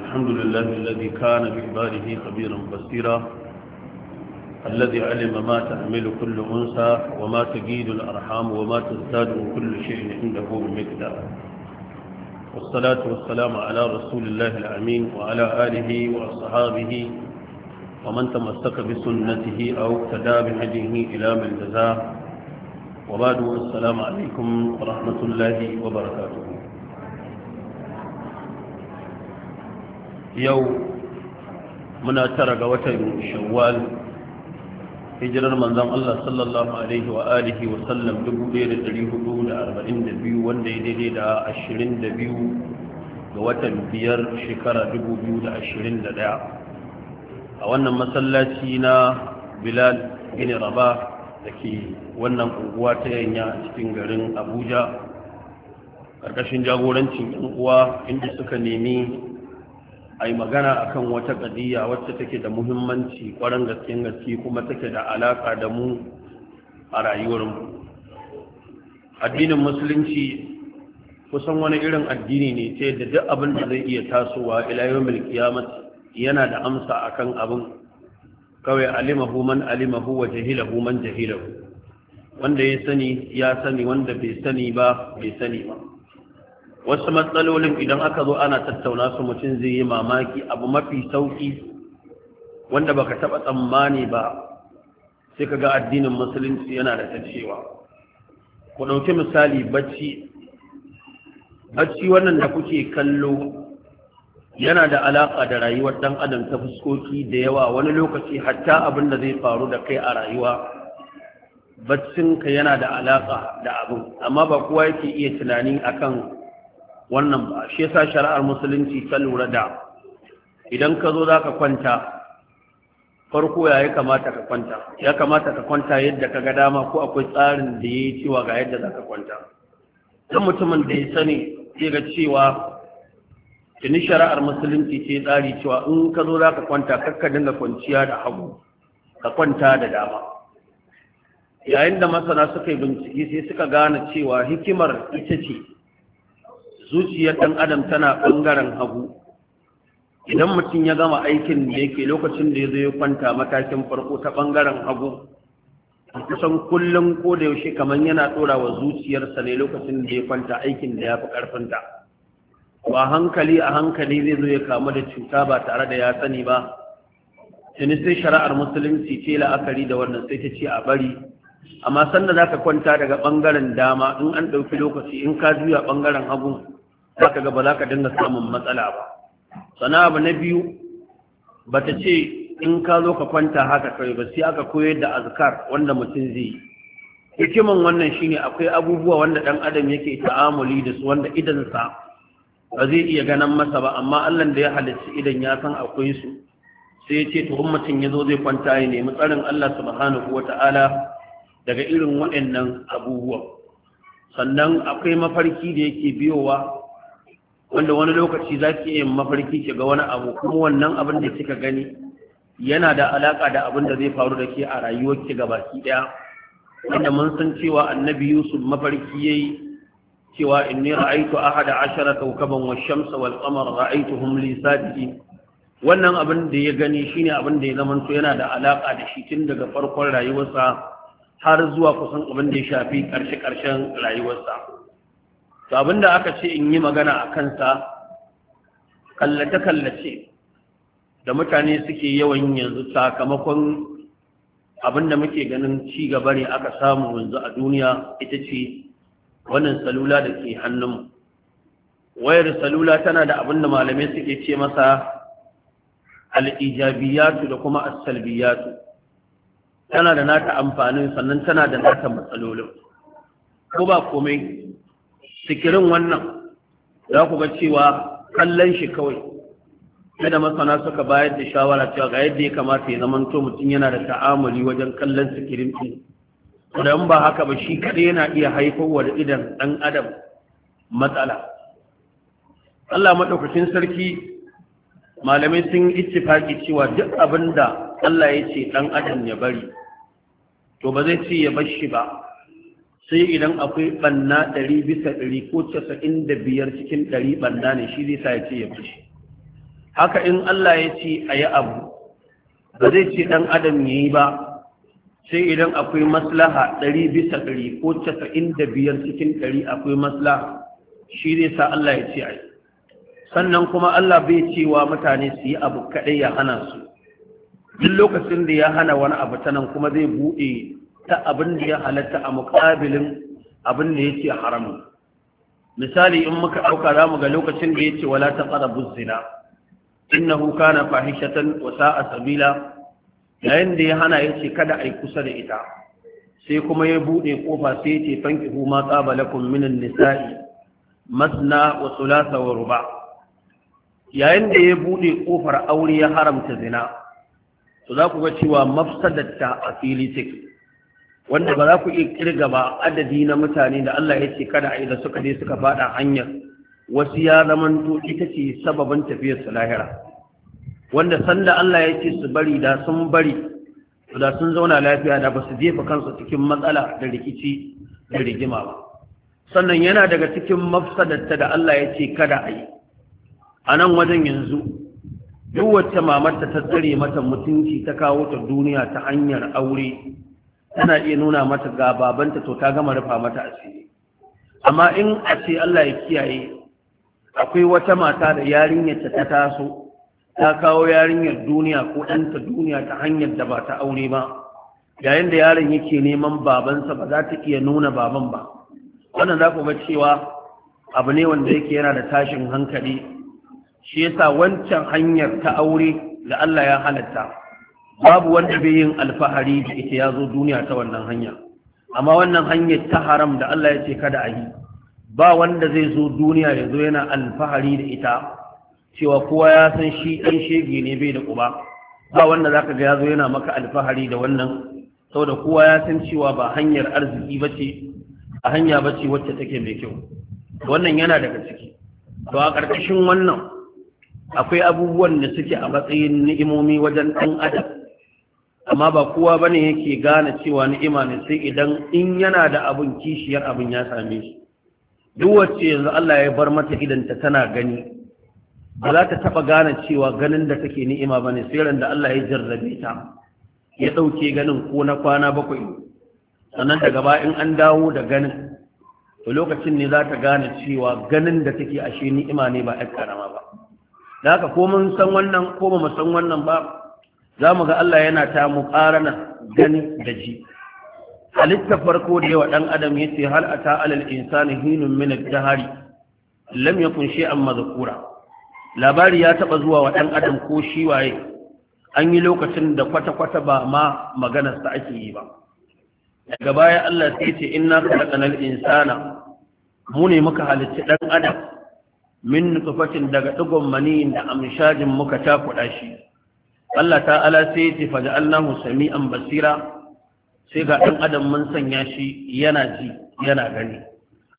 الحمد لله الذي كان بعباده خبيرا بصيرا الذي علم ما تحمل كل أنثى وما تجيد الأرحام وما تزداد كل شيء عنده بمقدار والصلاة والسلام على رسول الله الأمين وعلى آله وأصحابه ومن تمسك بسنته أو اقتدى بهديه إلى من جزاه وبعد السلام عليكم ورحمة الله وبركاته yau muna tara ga watan shawwal hijirar manzon Allah sallallahu alaihi wa alihi wa sallam 1442 wanda ya daidai da 22 ga watan biyar shekara 2021 a wannan masallaci na Bilal bin Rabah dake wannan unguwa ta yanya cikin garin Abuja ƙarƙashin jagorancin 'yan uwa inda suka nemi a yi magana akan wata ƙadiyya wacce take da muhimmanci ƙwarar gaske gaske kuma take da alaƙa da mu a rayuwarmu addinin musulunci kusan wani irin addini ne ce da duk abin da zai iya tasowa ilayoyin kiyamat yana da amsa akan abin kawai alimahu man alimahu wa jahilahu man jahilahu wanda ya sani ya sani wanda bai sani ba bai sani ba wasu matsalolin idan aka zo ana tattauna su mutum zai yi mamaki abu mafi sauki wanda baka taba tsammani ba sai ka ga addinin musulunci yana da tacewa ku ɗauki misali bacci bacci wannan da kuke kallo yana da alaƙa da rayuwar ɗan adam ta fuskoki da yawa wani lokaci hatta abin da zai faru da kai a rayuwa baccinka yana da alaƙa da abin amma ba kowa yake iya tunani akan wannan ba shi yasa shari'ar musulunci ta lura da idan ka zo za ka kwanta farko ya yi kamata ka kwanta ya kamata ka kwanta yadda ka ga dama ko akwai tsarin da ya yi cewa ga yadda za ka kwanta don mutumin da ya sani zai ga cewa tuni shari'ar musulunci ce tsari cewa in ka zo za ka kwanta kakka dinga kwanciya da hagu ka kwanta da dama yayin da masana suka yi bincike sai suka gane cewa hikimar ita ce zuciyar ɗan adam tana ɓangaren hagu idan mutum ya gama aikin da yake lokacin da ya zo ya kwanta matakin farko ta ɓangaren hagu a kusan kullum ko da yaushe kamar yana ɗora wa zuciyarsa ne lokacin da ya kwanta aikin da ya fi ƙarfinta ba hankali a hankali zai zo ya kamu da cuta ba tare da ya sani ba tuni sai shari'ar musulunci ce la'akari da wannan sai ta ce a bari amma sanda za ka kwanta daga ɓangaren dama in an ɗauki lokaci in ka juya ɓangaren hagu za ga ba za ka dinga samun matsala ba sana abu na biyu ba ta ce in ka zo ka kwanta haka kawai ba sai aka koyar da azkar wanda mutum zai yi hikiman wannan shine akwai abubuwa wanda dan adam yake ta'amuli da su wanda sa ba zai iya ganin masa ba amma Allah da ya halicci idan ya san akwai su sai ya ce to mutum ya zo zai kwanta ya nemi tsarin Allah subhanahu wata'ala daga irin waɗannan abubuwa sannan akwai mafarki da yake biyowa wanda wani lokaci za ki iya mafarki ki ga wani abu kuma wannan abin da kika gani yana da alaka da abin da zai faru da ke a rayuwar ki baki ɗaya, wanda mun san cewa annabi yusuf mafarki ya yi cewa in inni a hada ashara kaukaban wa shamsa wal a ra'aytuhum li sajidin wannan abin da ya gani shine abin da ya zamanto yana da alaka da shi tun daga farkon rayuwarsa har zuwa kusan abin da ya shafi karshe ƙarshen rayuwarsa to abinda aka ce in yi magana a kansa kallace-kallace da mutane suke yawan yanzu sakamakon abinda muke ganin ci gaba ne aka samu yanzu a duniya ita ce wannan salula da ke hannunmu wayar salula tana da abinda malamai suke ce masa al'ijabiyatu da kuma asalbiyatu tana da nata amfanin sannan tana da nata matsalolin ko ba komai sikirin wannan za ku ga cewa kallon shi kawai kada masana suka bayar da shawara cewa ga yadda ya kamata ya zamanto mutum yana da ta'amali wajen kallon sikirin ɗin idan ba haka ba shi kaɗai yana iya haifarwa da idan ɗan adam matsala Allah maɗaukacin sarki malamai sun itifaki cewa duk abin da Allah ya ce ɗan adam ya bari to ba zai ce ya bar shi ba sai idan akwai banna ɗari bisa ɗari ko casa'in da biyar cikin ɗari ɓanna ne shi zai sa ya ce ya fushi haka in Allah ya ce a yi abu ba zai ce ɗan adam ya yi ba sai idan akwai maslaha ɗari bisa ɗari ko casa'in da biyar cikin ɗari akwai maslaha shi zai sa Allah ya ce a yi sannan kuma Allah bai cewa mutane su yi abu kaɗai ya hana su duk lokacin da ya hana wani abu ta nan kuma zai buɗe ta abin da ya halatta a muƙabilin abin da yake haramun misali in muka ɗauka za mu ga lokacin da yake wala ta tsara buzzina innahu kana fahishatan wa sa'a sabila yayin da ya hana yace kada ai kusa da ita sai kuma ya bude kofa sai fanki hu ma qabalakum minin nisa'i masna wa thulatha wa ruba yayin da ya bude kofar aure ya haramta zina to za ku ga cewa mafsadatta a fili take wanda ba za ku iya kirga ba adadi na mutane da Allah ya ce kada a da suka je suka fada hanyar wasu ya zamanto ita ce sababin tafiyar su lahira wanda sanda Allah ya ce su bari da sun bari da sun zauna lafiya da ba su jefa kansu cikin matsala da rikici da rigima ba sannan yana daga cikin mafsadarta da Allah ya ce kada a yi a nan wajen yanzu duk wacce mamarta ta tsare mata mutunci ta kawo ta duniya ta hanyar aure tana iya nuna mata ga babanta to ta gama rufa mata asiri amma in a ce Allah ya kiyaye akwai wata mata da yarinyar ta taso ta kawo yarinyar duniya ko ɗanta duniya ta hanyar da ba ta aure ba yayin da yaron yake neman babansa ba za ta iya nuna baban ba wannan za ku ga cewa abu ne wanda yake yana da tashin hankali shi yasa wancan hanyar ta aure da Allah ya halatta babu wanda bai yin alfahari da ita ya zo duniya ta wannan hanya amma wannan hanyar ta haram da Allah ya ce kada a yi ba wanda zai zo duniya ya zo yana alfahari da ita cewa kowa ya san shi ɗan shege ne bai da ƙuba ba wanda za ka ga ya zo yana maka alfahari da wannan saboda kowa ya san cewa ba hanyar arziki ba ce a hanya ba ce wacce take mai kyau wannan yana daga ciki to a ƙarƙashin wannan akwai abubuwan da suke a matsayin ni'imomi wajen ɗan adam amma ba kowa bane yake gane cewa ni'ima ne sai idan in yana da abin kishiyar abin ya same shi duk wacce yanzu Allah ya bar mata ta tana gani ba za ta taba gane cewa ganin da take ni'ima bane sai ran da Allah ya jarrabe ta ya dauke ganin ko na kwana bakwai sannan daga ba in an dawo da ganin to lokacin ne za ta gane cewa ganin da take ashe ni'ima ne ba ƴar karama ba da haka ko mun san wannan ko ba mu san wannan ba za mu ga Allah yana ta mu ƙarana gani da ji halitta farko da yawa ɗan adam ya ce hal a ta'alal insani hinun min dahari lam yakun shay'an mazkura labari ya taɓa zuwa wa ɗan adam ko shi waye an yi lokacin da kwata-kwata ba ma maganar sa ake yi ba daga baya Allah sai ce inna khalaqnal insana mu ne muka halicci ɗan adam min nutfatin daga digon maniyin da amshajin muka takuɗa shi Allah ta'ala sai ce faja Allahu sami'an basira sai ga ɗan adam mun sanya shi yana ji yana gani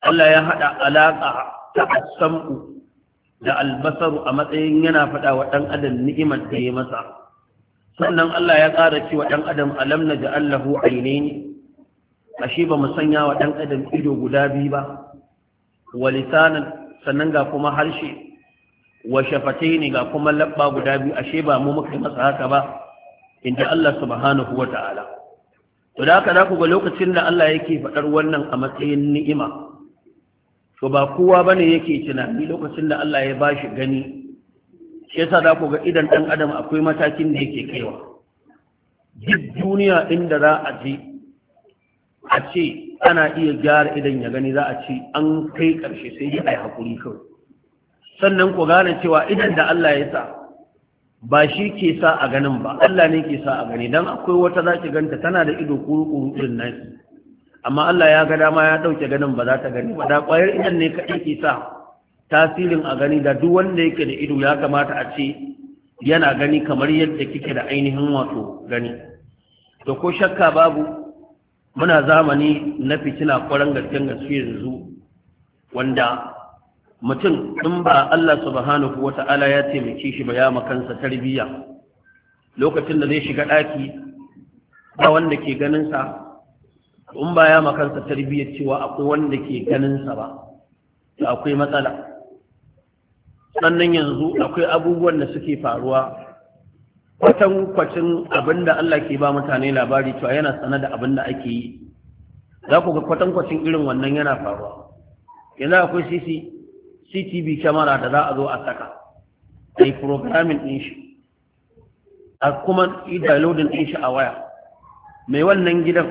Allah ya haɗa alaƙa ta asamu da albasaru a matsayin yana faɗa wa ɗan adam ni'imar da ya masa sannan Allah ya ƙara cewa ɗan adam alam na ji Allahu ainihi ashe ba mu sanya wa ɗan adam ido guda biyu ba walisanan sannan ga kuma harshe wa ne ga kuma labba guda biyu ashe ba mu muka masa haka ba inda Allah subhanahu ta'ala to da haka ku ga lokacin da Allah yake faɗar wannan a matsayin ni'ima to ba kowa bane yake tunani lokacin da Allah ya bashi gani shi yasa za ku ga idan ɗan adam akwai matakin da yake kaiwa duk duniya inda za a je a ce ana iya gyara idan ya gani za a ce an kai ƙarshe sai ya yi haƙuri kawai sannan ku gane cewa idan da Allah ya sa ba shi ke sa a ganin ba Allah ne ke sa a gani dan akwai wata za ki ganta tana da ido kuru-kuru irin amma Allah ya ga dama ya ɗauke ganin ba za ta gani ba da kwayar idan ne kaɗai ke sa tasirin a gani da duk wanda yake da ido ya kamata a ce yana gani kamar yadda kike da ainihin wato gani to ko shakka babu muna zamani na fitina kwaran gaske gaske yanzu wanda mutum in ba Allah subhanahu wa ta'ala ya taimake shi ba ya makansa tarbiyya lokacin da zai shiga ɗaki ba wanda ke ganinsa in ba ya makansa tarbiyyar cewa akwai wanda ke ganinsa ba to akwai matsala sannan yanzu akwai abubuwan da suke faruwa kwatan kwacin abinda Allah ke ba mutane labari cewa yana sana da abinda ake yi za ku ga kwatan kwacin irin wannan yana faruwa yanzu akwai sisi CCTV kyamara da za a zo a saka a yi programming ɗin shi a kuma ɗin shi a waya mai wannan gidan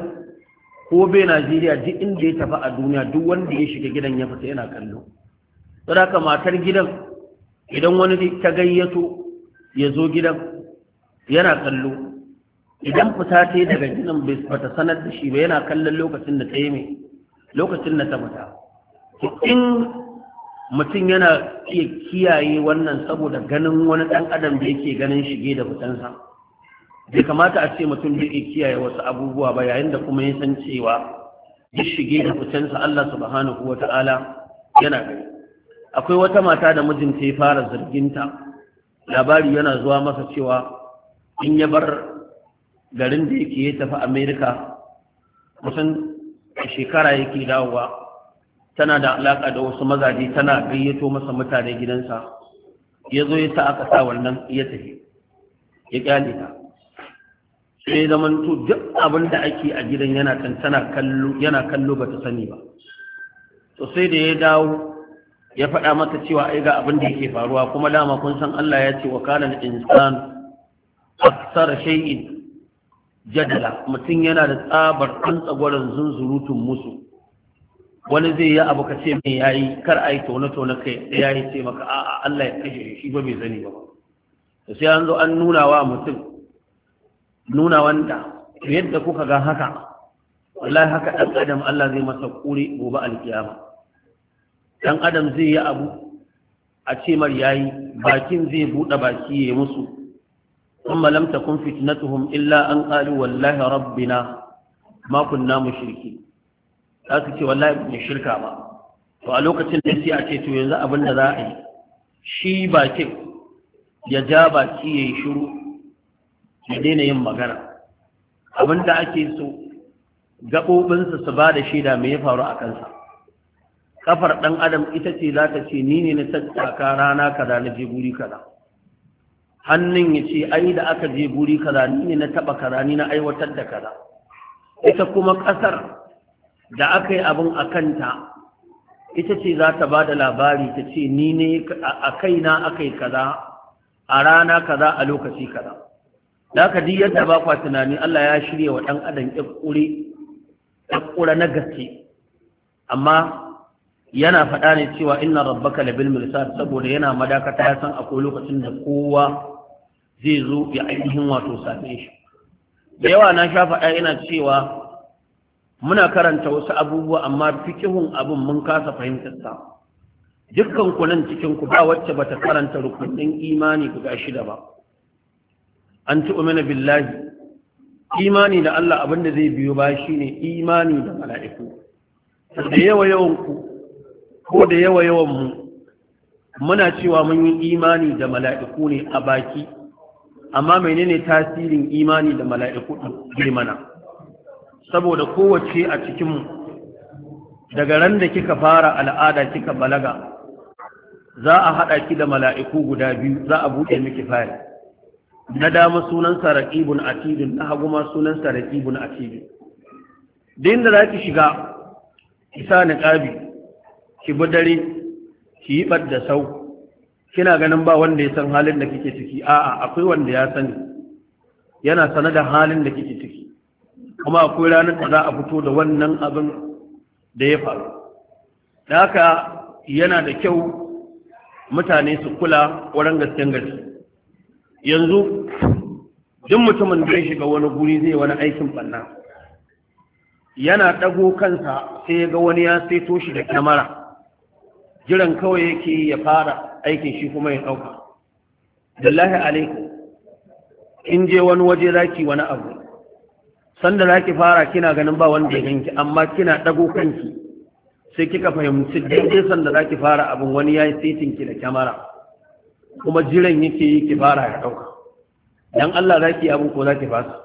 ko bai Najeriya duk inda ya tafi a duniya duk wanda ya shiga gidan ya fita yana kallo haka matar gidan idan wani ta gayyato ya zo gidan yana kallo idan fita ta yi daga gidan bai bata sanar da shi ba yana kallon lokacin da ta yi mai lokacin da ta fita in mutum yana iya kiyaye wannan saboda ganin wani ɗan adam da yake ganin shige da fitansa bai kamata a ce mutum bai iya kiyaye wasu abubuwa ba yayin da kuma ya san cewa duk shige da fitansa Allah subhanahu wa ta'ala yana gani akwai wata mata da mijinta ya fara ta. labari yana zuwa masa cewa in ya bar garin da yake ya tafi amerika kusan shekara yake dawowa tana da alaƙa da wasu mazaje tana gayyato masa mutane gidansa ya zo ya sa sa wannan ya tafi ya kyale ta sai zaman to duk abin da ake a gidan yana can tana kallo yana kallo bata sani ba to sai da ya dawo ya faɗa mata cewa ai ga abin da yake faruwa kuma dama kun san Allah ya ce wa kana al-insan aktsar shay'in jadala mutum yana da tsabar kan tsagwaron zunzurutun musu wani zai yi abu ka ce mai yi kar a yi tone-tone kai da yi ce maka a'a Allah ya kashe shi ba bai zani ba to sai an zo an nuna wa mutum nuna wanda yadda kuka ga haka wallahi haka ɗan adam Allah zai masa kuri gobe alkiyama Ɗan adam zai yi abu a ce mar yi bakin zai bude baki yayi musu amma lam takun fitnatuhum illa an ƙari? wallahi rabbina ma kunna mushriki za su ce wallahi ne shirka ba to a lokacin da sai a ce to yanzu abin da za a yi shi bakin ya ja baki ya yi shiru ya daina yin magana abin da ake so gaɓoɓinsa su ba da shaida mai ya faru a kansa kafar ɗan adam ita ce za ta ce ni ne na tattaka rana kaza na je guri kaza hannun ya ce ai da aka je guri kaza ni ne na taɓa kaza ni na aiwatar da kaza ita kuma ƙasar da aka yi abin a kanta ita ce za ta ba da labari ta ce ni ne a kaina aka yi kaza a rana kaza a lokaci kaza da aka diyar da ba kwa tunani Allah ya shirya wa ɗan adam ƙura na gaske amma yana faɗa ne cewa inna rabbaka labil mirsad saboda yana madakata ya san akwai lokacin da kowa zai zo ya ainihin wato same shi da yawa na sha faɗa yana cewa muna karanta wasu abubuwa amma fikihun abin mun kasa fahimtar sa dukkan ku nan cikin ku ba wacce bata karanta rukunin imani guda shida ba an tu'mina billahi imani da Allah abin da zai biyo ba shine imani da mala'iku da yawa yawan ku ko da yawa yawan mu muna cewa mun yi imani da mala'iku ne a baki amma menene tasirin imani da mala'iku ɗin mana saboda kowace a cikinmu daga ran da kika fara al'ada kika balaga za a haɗa ki da mala'iku guda biyu za a buɗe miki fayil na dama sunansa raƙibun atidun na hagu ma sunansa raƙibun atidun din da za ki shiga isa ƙabi, ki bi dare ki yi ɓadda sau kina ganin ba wanda ya san halin da kike ciki a'a akwai wanda ya sani yana sanar da halin da kike ciki kuma akwai ranar da za a fito da wannan abin da ya faru da haka yana da kyau mutane su kula wurin gasken gaske yanzu duk mutumin da ya shiga wani guri zai wani aikin banna yana ɗago kansa sai ya ga wani ya saito shi da kyamara jiran kawai yake ya fara aikin shi kuma ya ɗauka dallahi alaikum in je wani waje zaki wani abu sanda za ki fara kina ganin ba wanda ya ganki amma kina ɗago kanki sai kika fahimci daidai sanda za ki fara abin wani ya yi setinki da kyamara kuma jiran yake yi ki fara ya ɗauka dan Allah za ki abin ko za ki fasa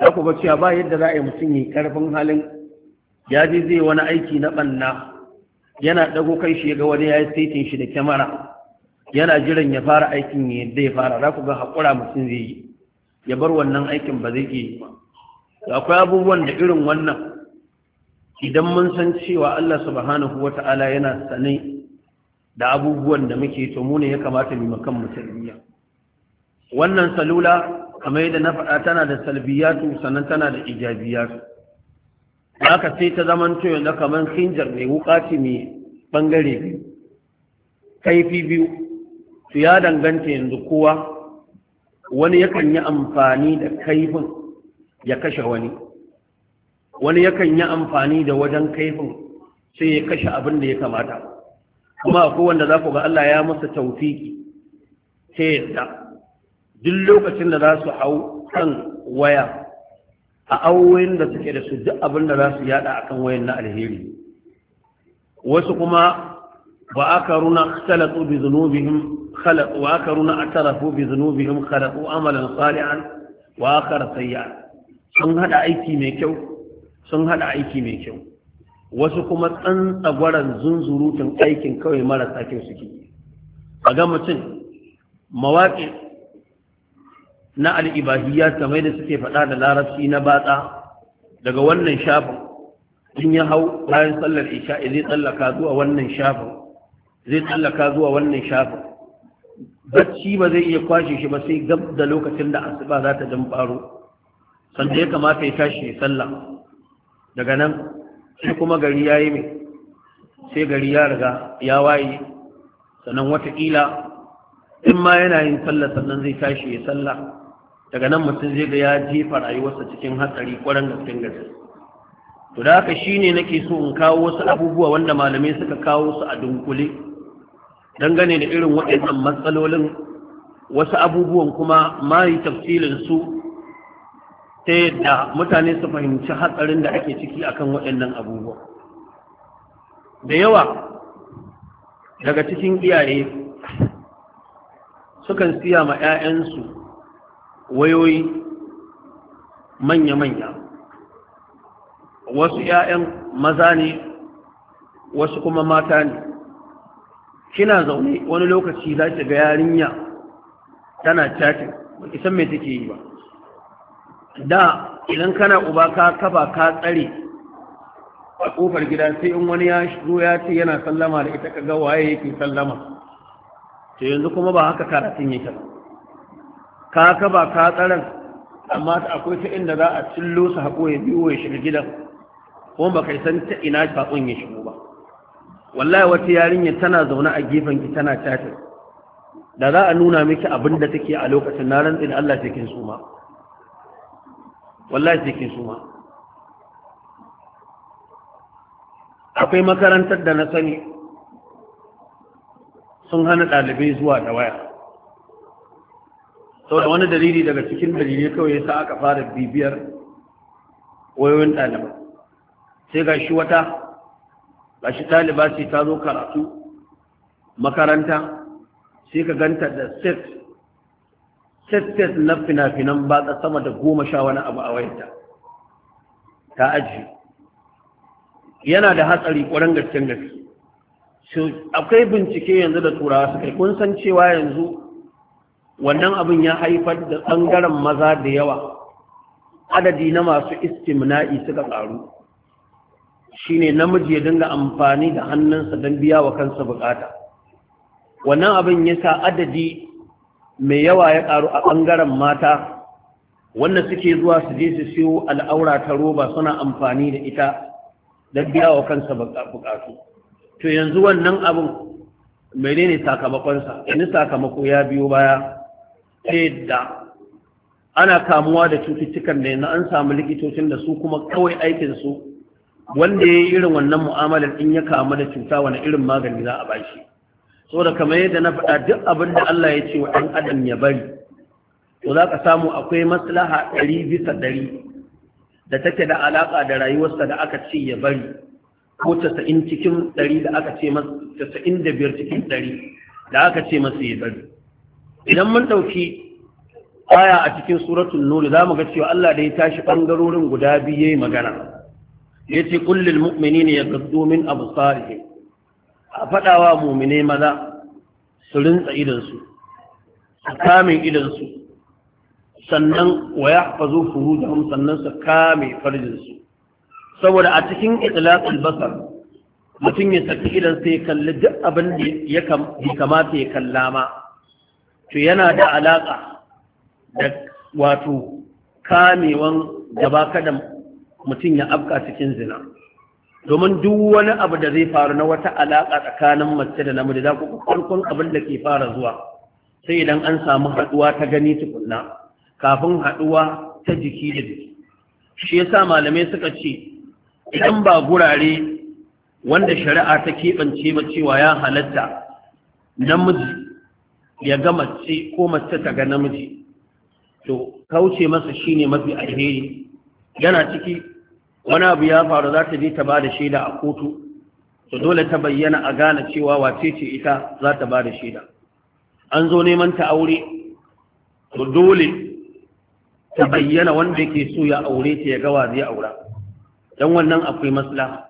za ku cewa ba yadda za a yi mutum yi karfin halin ya je zai wani aiki na ɓanna yana ɗago kai shi ga wani ya yi setin shi da kyamara yana jiran ya fara aikin yadda ya fara za ku ga haƙura mutum zai yi ya bar wannan aikin ba zai iya yi ba akwai abubuwan da irin wannan idan mun san cewa Allah subhanahu wata'ala yana sane da abubuwan da muke to mu ne ya kamata mu makan mu tarbiyya wannan salula kamar yadda na faɗa tana da salbiyatu sannan tana da ijabiyatu haka sai ta zaman to yanzu kamar hinjar mai wukaci mai bangare biyu kaifi biyu to ya danganta yanzu kowa wani yakan yi amfani da kaifin ya kashe wani wani yakan yi amfani da wajen kaifin sai ya kashe abin da ya kamata kuma akwai wanda za ku ga Allah ya masa taufiki ta yadda duk lokacin da za su hau kan waya a auwayin da suke da su duk abin da za su yada a kan wayan na alheri wasu kuma ba aka runa khalatu bi zunubihim khalatu wa aka runa atarafu bi zunubihim khalatu amalan salihan wa akhar sayyi'an sun haɗa aiki mai kyau sun haɗa aiki mai kyau wasu kuma tsan tsagwaran zunzurutun aikin kawai marasa kyau suke a ga mutum mawaƙi na al'ibahiyya kamar da suke faɗa da larabci na batsa daga wannan shafin in ya hau bayan sallar isha'i zai tsallaka zuwa wannan shafin zai tsallaka zuwa wannan shafin bacci ba zai iya kwashe shi ba sai gab da lokacin da asuba za ta jan faro sanda ya kamata ya tashi ya sallah daga nan sai kuma gari ya yi mai sai gari ya riga ya waye sannan watakila in ma yana yin sallah sannan zai tashi ya salla, daga nan mutum zai ga ya jefa rayuwarsa cikin hatsari kwarin gaskin gaske to da haka shine nake so in kawo wasu abubuwa wanda malamai suka kawo su a dunkule dangane da irin waɗannan matsalolin wasu abubuwan kuma mai tafsilin su ta yadda mutane su fahimci hatsarin da ake ciki akan waɗannan abubuwa da yawa daga cikin iyaye sukan siya ma 'ya'yansu wayoyi manya-manya wasu 'ya'yan maza ne wasu kuma mata ne kina zaune wani lokaci za ki ga yarinya tana cakin ba ki san me take yi ba da idan kana uba ka kafa ka tsare a kofar gida sai in wani ya shigo ya ce yana sallama da ita kaga waye yake sallama to yanzu kuma ba haka karatun yake ka kafa ka tsaran amma akwai ta inda za a cillo su haƙo ya biyo ya shiga gidan kuma ba kai san ta ina saƙon ya shigo ba wallahi wata yarinya tana zaune a gefen ki tana chatin da za a nuna miki abinda da take a lokacin na rantsi da Allah cikin suma ma wallahi sai kin suma akwai makarantar da na sani sun hana ɗalibai zuwa da waya sau da wani dalili daga cikin dalilai kawai ya sa aka fara bibiyar wayoyin ɗalibai sai ga shi wata ga shi ɗaliba sai ta zo karatu makaranta sai ka ganta da sets tattas na fina-finan batsa sama da goma sha wani abu a wayarta ta aji yana da hatsari ƙwarar gasken gaske akwai bincike yanzu da turawa kai kun san cewa yanzu wannan abin ya haifar da ɓangaren maza da yawa adadi na masu istimna'i suka ƙaru ne namiji ya dinga amfani da hannunsa don biya wa kansa bukata wannan abin ya sa adadi mai yawa ya ƙaru a ɓangaren mata wanda suke zuwa su je su siyo al'aura ta roba suna amfani da ita don biya wa kansa buƙatu to yanzu wannan abin ne sakamakonsa wani sakamako ya biyo baya sai da ana kamuwa da cututtukan da yanzu an samu likitocin da su kuma kawai aikinsu wanda ya yi irin wannan mu'amalar in ya kamu da cuta wani irin magani za a bashi so da kamar yadda na faɗa duk abin da Allah ya ce wa ɗan adam ya bari to za ka samu akwai maslaha ɗari bisa ɗari da take da alaƙa da rayuwarsa da aka ce ya bari ko tasa'in cikin ɗari da aka ce masa tasa'in da biyar cikin ɗari da aka ce masa ya bari idan mun ɗauki aya a cikin suratun nur za mu ga cewa Allah da ya tashi ɓangarorin guda biyu yayi magana yace ne ya gaddo min absarihim a faɗawa mumine maza su rinsa idansu su kamin idansu sannan wa ya da hun sannan su kame farjinsu saboda a cikin itlaqul basar mutum ya saki idan ya kalli duk abin da ya kamata ya kalla ma to yana da alaƙa da wato kamewan gaba kada mutum ya afka cikin zina domin duk wani abu da zai faru na wata alaƙa tsakanin mace da namiji za ku farkon abin da ke fara zuwa sai idan an samu haɗuwa ta gani tukunna kafin haɗuwa ta jiki da jiki shi yasa malamai suka ce idan ba gurare wanda shari'a ta keɓance ba cewa ya halatta namiji ya ga mace ko mace ta ga namiji to kauce masa shine mafi alheri yana ciki wani abu ya faru za ta je ta ba da shaida a kotu to dole ta bayyana a gane cewa wace ce ita za ta ba da shaida an zo neman ta aure to dole ta bayyana wanda yake so ya aure ta ya gawa zai aura dan wannan akwai maslaha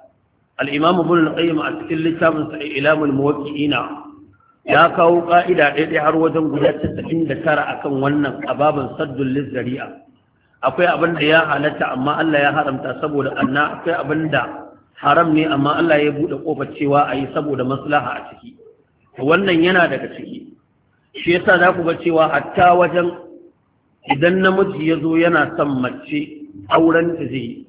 al-imamu ibn al a cikin littafin sa ilamul muwaqqi'ina ya kawo ka'ida ɗaya har wajen guda tara akan wannan ababan saddul lizzari'a akwai abin da ya halatta amma Allah ya haramta saboda anna akwai abin da haram ne amma Allah ya buɗe ƙofar cewa a yi saboda maslaha a ciki wannan yana daga ciki shi yasa za ku ga cewa hatta wajen idan namiji ya zo yana son mace auren ta zai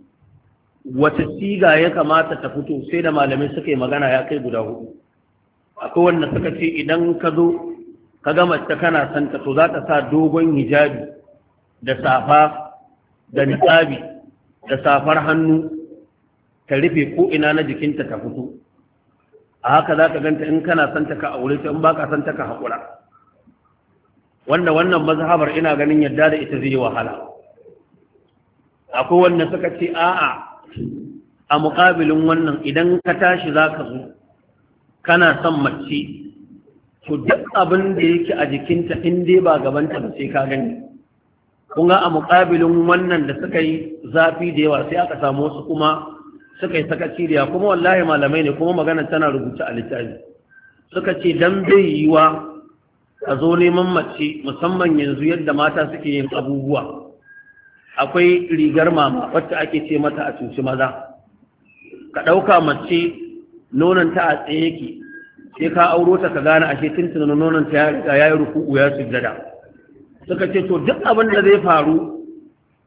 wata siga ya kamata ta fito sai da malamai suka yi magana ya kai guda hudu akwai wanda suka ce idan ka zo ka ga mace kana son ta to za ta sa dogon hijabi da safa da niqabi da safar hannu ta rufe ko ina na jikinta ta fito a haka za ka ganta in kana son ta ka aure ta in ba ka son ta ka haƙura wanda wannan mazhabar ina ganin yadda da ita zai wahala akwai wanda suka ce a'a a muƙabilin wannan idan ka tashi za ka zo kana son mace to duk abin da yake a jikinta in dai ba gabanta ba sai ka gani kun ga a muƙabilin wannan da suka yi zafi da yawa sai aka samu wasu kuma suka yi sakaci da kuma wallahi malamai ne kuma magana tana rubuta a littafi suka ce dan bai yiwa a zo neman mace musamman yanzu yadda mata suke yin abubuwa akwai rigar mama wacce ake ce mata a cuci maza ka ɗauka mace nonon ta a tsaye yake sai ka auro ta ka gane ashe tuntuna nonanta ya ta ya yi ruku'u ya sujjada suka ce to duk abin da zai faru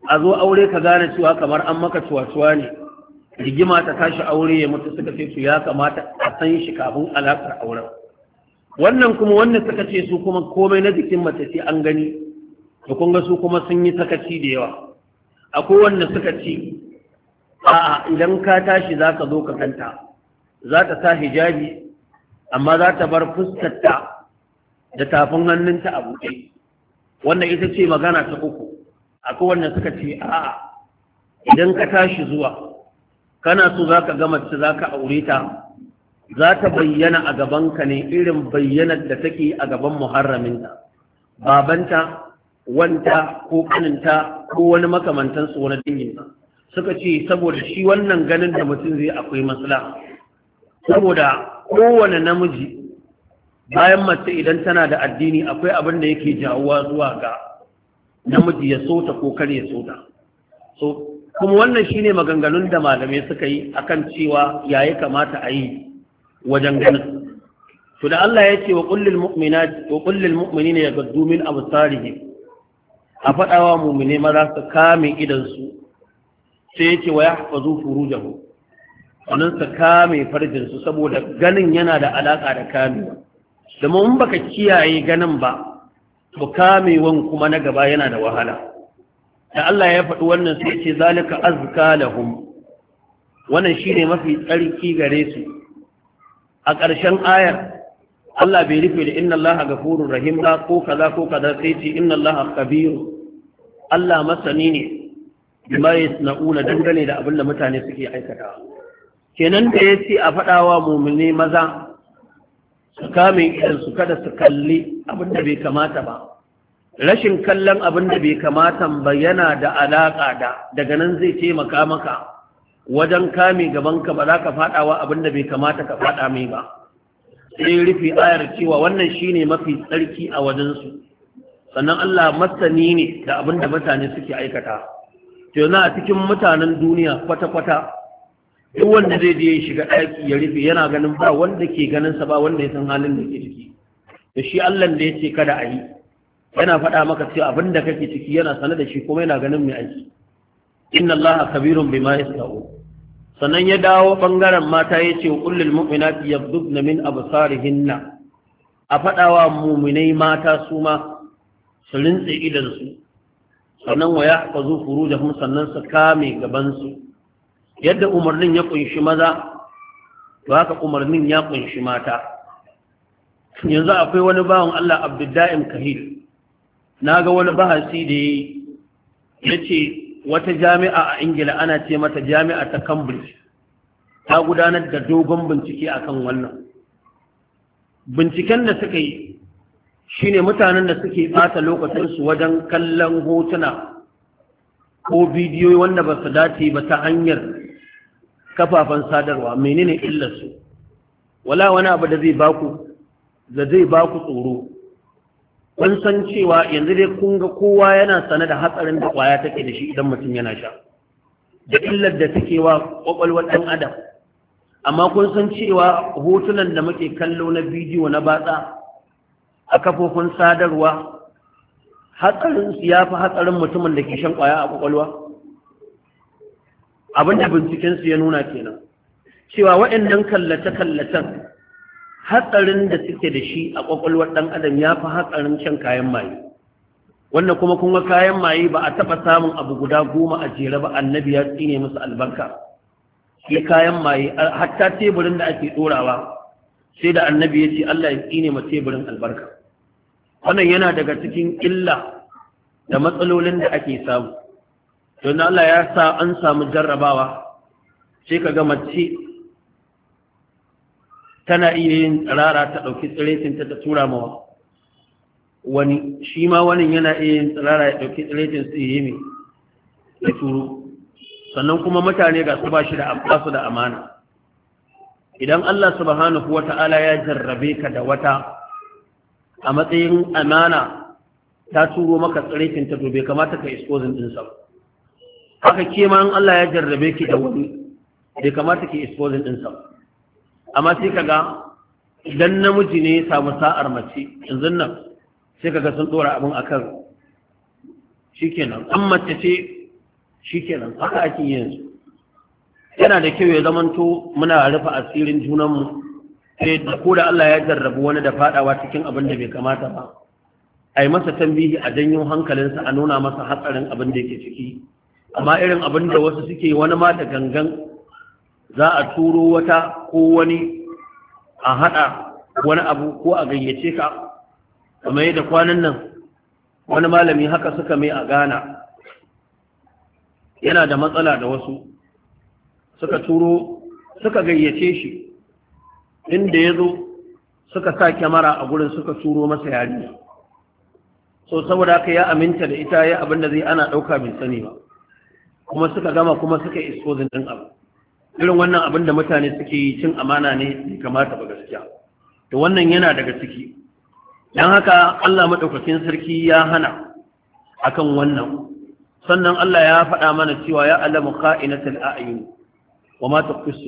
a zo aure ka gane cewa kamar an maka cuwa-cuwa ne rigima ta tashi aure ya mutu suka ce su ya kamata a san shi kafin alaƙar auren wannan kuma wanda suka ce su kuma komai na jikin mace sai an gani da kun ga su kuma sun yi sakaci da yawa akwai wanda suka ce a'a idan ka tashi za ka zo ka kanta za ta sa hijabi amma za ta bar fuskarta da tafin hannunta a buɗe wannan ita ce magana ta uku akwai wannan suka ce a? idan ka tashi zuwa kana so za ka gama ce za ka aure ta za ta bayyana a gabanka ne irin bayyana da take a gaban muharraminta babanta wanta ko kaninta ko wani makamantansu wani ba suka ce saboda shi wannan ganin da mutum zai akwai matsala. saboda kowane namiji bayan mace idan tana da addini akwai abin da yake jawuwa zuwa ga namiji ya sota ko kar ya sota so kuma wannan shine maganganun da malamai suka yi akan cewa yayi kamata a yi wajen ganin to da Allah ya ce wa kullil mu'minat wa kullil mu'minina yaghuddu min absarihi a faɗawa mu'mine maza su kame idan su sai ya ce wa yahfazu furujahu wannan su kame farjin su saboda ganin yana da alaka da kamewa da mun baka kiyaye ganin ba to kamewan kuma na gaba yana da wahala da Allah ya faɗi wannan sai ce zalika azka lahum wannan shine mafi tsarki gare su a ƙarshen ayar Allah bai rufe da inna Allah gafurur rahim ba ko kaza ko kaza sai ce inna Allah kabiru Allah masani ne bima yasnauna dangane da abin da mutane suke aikata kenan da yace a faɗawa mu'mini maza su kame idan su kada su kalli abin da bai kamata ba rashin kallon abin da bai kamata ba yana da alaƙa da daga nan zai taimaka maka wajen kame gabanka ba za ka faɗawa abin da bai kamata ka faɗa mai ba sai rufe ayar cewa wannan shine mafi tsarki a wajensu sannan Allah masani ne da abin da mutane suke aikata to a cikin mutanen duniya kwata-kwata duk wanda zai je ya shiga ɗaki ya rufe yana ganin ba wanda ke ganin sa ba wanda ya san halin da ke ciki da shi Allah da ya ce kada a yi yana faɗa maka cewa abin da kake ciki yana sanar da shi kuma yana ganin mai aiki inna Allah kabirun bima yasau sannan ya dawo bangaren mata ya ce kullul mu'minati yabdubna min absarihinna a faɗawa muminai mata su ma su rintse idan su sannan wa yahfazu furujahum sannan su kame gaban su yadda umarnin ya kunshi maza to haka umarnin ya kunshi mata yanzu akwai wani bawan Allah Abdullahi Kahil na ga wani bahasi da ya ce wata jami'a a ingila ana ce mata jami'a ta cambridge ta gudanar da dogon bincike akan wannan binciken da suka yi shine mutanen da suke bata su wajen kallon hotuna ko bidiyoyi wanda ba su dace ba ta hanyar kafafen sadarwa menene illarsu wala wani abu da zai baku da zai baku tsoro kun san cewa yanzu dai kun ga kowa yana sane da hatsarin da kwaya take da shi idan mutum yana sha da illar da take wa kwakwalwar ɗan adam amma kun san cewa hotunan da muke kallo na bidiyo na batsa a kafofin sadarwa hatsarin ya fi hatsarin mutumin da ke shan kwaya a kwakwalwa abin da bincikensu ya nuna kenan cewa waɗannan kallace-kallacen hatsarin da suke da shi a ƙwaƙwalwar ɗan adam ya fi hatsarin shan kayan maye wannan kuma kuma kayan maye ba a taɓa samun abu guda goma a jere ba annabi ya tsine musu albarka shi kayan maye hatta teburin da ake ɗorawa sai da annabi ya ce Allah ya tsine ma teburin albarka wannan yana daga cikin illa da matsalolin da ake samu don Allah ya sa an samu jarrabawa sai ka ga mace tana iya yin tsirara ta ɗauki tsiretinta ta tura mawa wani shi ma wani yana iya yin tsirara ya ɗauki tsiretin su yi mai da turu sannan kuma mutane ga su ba shi da abbasu da amana idan Allah subhanahu wata'ala ya jarrabe ka da wata a matsayin amana ta turo maka tsiretin ta to bai kamata ka iskozin ɗinsa ba haka ke ma Allah ya jarrabe ki da wani da kamata ki exposing ɗinsa amma sai kaga idan namiji ne ya samu sa'ar mace yanzu nan sai kaga sun ɗora abin akan shikenan an mace ce shikenan haka ake yin yana da kyau ya zamanto muna rufe asirin junanmu sai ko da Allah ya jarrabu wani da faɗawa cikin abin da bai kamata ba a yi masa tambihi a janyo hankalinsa a nuna masa hatsarin abin da yake ciki amma irin abin da wasu suke wani ma da gangan za a turo wata ko wani a haɗa wani abu ko a gayyace ka kamar yadda kwanan nan wani malami haka suka mai a gana. yana da matsala da wasu suka turo suka gayyace shi inda ya zo suka sa kyamara a gurin suka turo masa yari so saboda haka ya aminta da ita ya abin da zai ana ɗauka bin sani ba kuma suka gama kuma suka yi exposing ɗin abu irin wannan abin da mutane suke yi cin amana ne bai kamata ba gaskiya to wannan yana daga ciki dan haka Allah madaukakin sarki ya hana akan wannan sannan Allah ya faɗa mana cewa ya alamu kha'inatul a'yun wa ma taqfis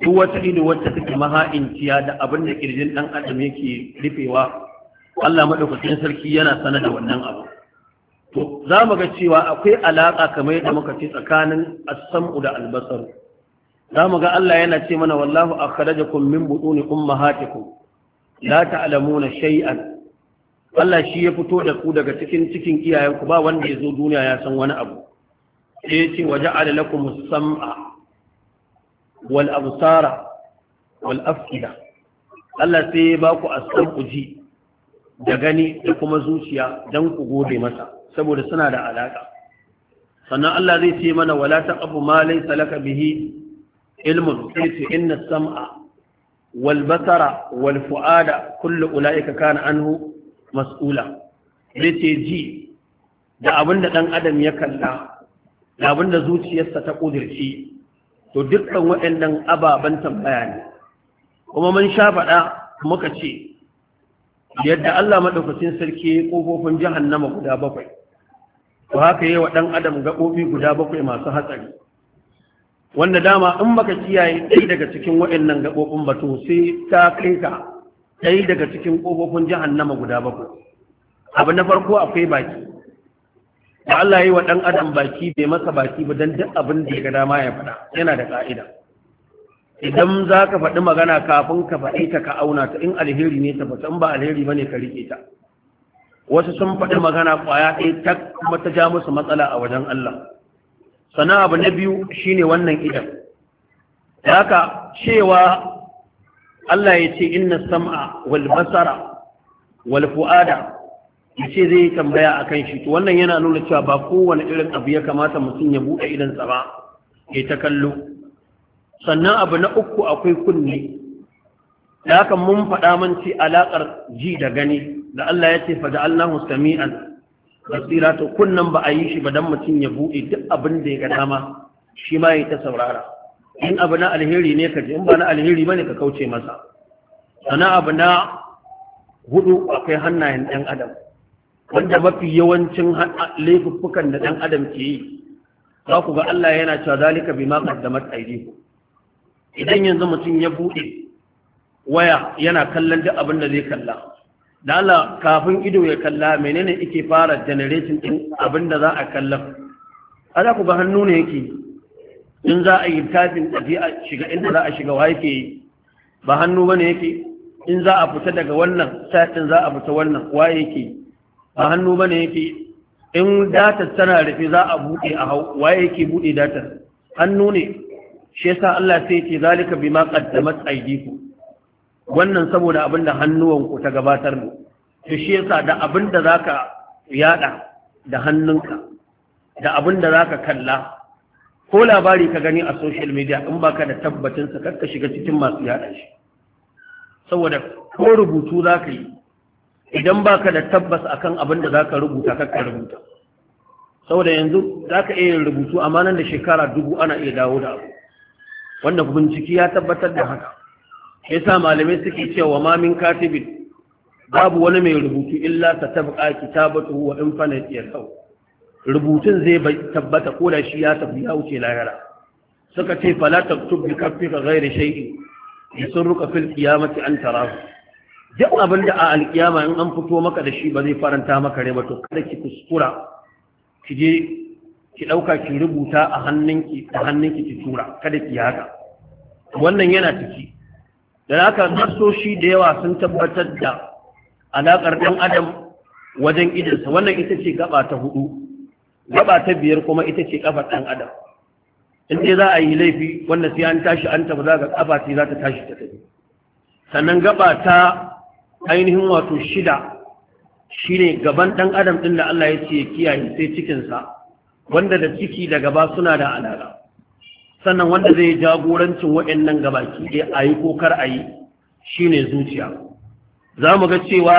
duk wata ido wacce take maha'inciya da abin da kirjin dan adam yake rufewa Allah madaukakin sarki yana sanar da wannan abu to za mu ga cewa akwai alaƙa kamar yadda muka ce tsakanin as-sam'u da al za mu ga Allah yana ce mana wallahu akhrajakum min butuni ummahatikum la ta'lamuna shay'an Allah shi ya fito da ku daga cikin cikin iyayenku ba wanda ya zo duniya ya san wani abu sai ya ce waja'ala lakum as-sam'a wal absara wal afkida. Allah sai ya ba ku as-sam'u ji da gani da kuma zuciya dan ku gode masa saboda suna da alaƙa sannan Allah zai ce mana wala taqfu ma laysa laka bihi ilmun kaitu inna sam'a wal basara wal fuada kullu ulaika kana anhu mas'ula zai ji da abinda dan adam ya kalla da abinda zuciyarsa ta kudirce to dukkan waɗannan ababen tambaya ne kuma mun sha faɗa muka ce yadda Allah madaukakin sarki ƙofofin jahannama guda bakwai ba haka yi wa ɗan adam gaɓoɓi guda bakwai masu hatsari wanda dama in baka kiyaye ɗaya daga cikin waɗannan gaɓoɓin ba to sai ta kai ka ɗaya daga cikin ƙofofin jahannama guda bakwai abu na farko akwai baki Ba Allah yi wa ɗan adam baki bai masa baki ba don duk abin da ya ga dama ya faɗa yana da ƙa'ida idan za ka faɗi magana kafin ka faɗi ta ka auna ta in alheri ne ta fata in ba alheri ba ne ka riƙe ta wasu sun faɗi magana ƙwaya ɗaya ta kuma ta ja musu matsala a wajen Allah sana abu na biyu shi ne wannan idan Daka cewa Allah ya ce inna sam'a wal basara wal fu'ada yace zai tambaya akan shi to wannan yana nuna cewa ba kowane irin abu ya kamata mutum ya buɗe idan tsaba ba ya ta kallo sannan abu na uku akwai kunne da mun faɗa man ce alaƙar ji da gani da Allah ya ce faja'alnahu sami'an basira to kunnan ba a yi shi ba dan mutum ya buɗe duk abin da ya ga dama shi ma ya ta saurara in abu na alheri ne ka ji in ba na alheri ne ka kauce masa sana abu na hudu akwai hannayen ɗan adam wanda mafi yawancin laifuffukan da ɗan adam ke yi za ku ga Allah yana cewa zalika bima qaddamat aydikum idan yanzu mutum ya buɗe waya yana kallon duk abin da zai kalla dala kafin ido ya kalla menene yake fara generation din abinda za a kalla a za ku ga hannu ne yake in za a yi tafin tafi a shiga inda za a shiga wa yake ba hannu bane yake in za a fita daga wannan satin za a fita wannan wa yake ba hannu bane yake in datar tana rufe za a buɗe a hau wa yake buɗe datar hannu ne shi yasa Allah sai yake ce zalika bima qaddamat aydikum wannan saboda abin da hannuwanku ta gabatar mu to shi yasa da abin da za ka yada da hannunka da abin da za ka kalla ko labari ka gani a social media in baka da tabbacin sa ka shiga cikin masu yada shi saboda ko rubutu za ka yi idan baka da tabbas akan abin da za ka rubuta ka rubuta saboda yanzu za ka iya rubutu amma nan da shekara dubu ana iya dawo da abu wanda bincike ya tabbatar da haka yasa malamai suke cewa ma min katibin babu wani mai rubutu illa ta tabqa kitabatu wa in ya sau. rubutun zai tabbata ko da shi ya tafi ya wuce lahira suka ce fala taktub bi kaffika ghairi shay'in yasurruka fil qiyamati an tarahu duk abin da a alkiyama in an fito maka da shi ba zai faranta maka rai ba to kada ki kuskura ki je ki ki rubuta a hannunki da hannunki ki tura kada ki haka wannan yana ciki da haka nassoshi da yawa sun tabbatar da alaƙar ɗan adam wajen idinsa, wannan ita ce gaba ta hudu gaba ta biyar kuma ita ce ƙafar ɗan adam in dai za a yi laifi wanda sai an tashi an tafi za ka ƙafa sai za ta tashi ta tafi sannan gaba ta ainihin wato shida shine gaban ɗan adam ɗin da Allah ya ce kiyaye sai cikinsa wanda da ciki da gaba suna da alaƙa sannan wanda zai jagorancin waɗannan gabaki ɗaya a yi ko kar a yi shi ne zuciya za mu ga cewa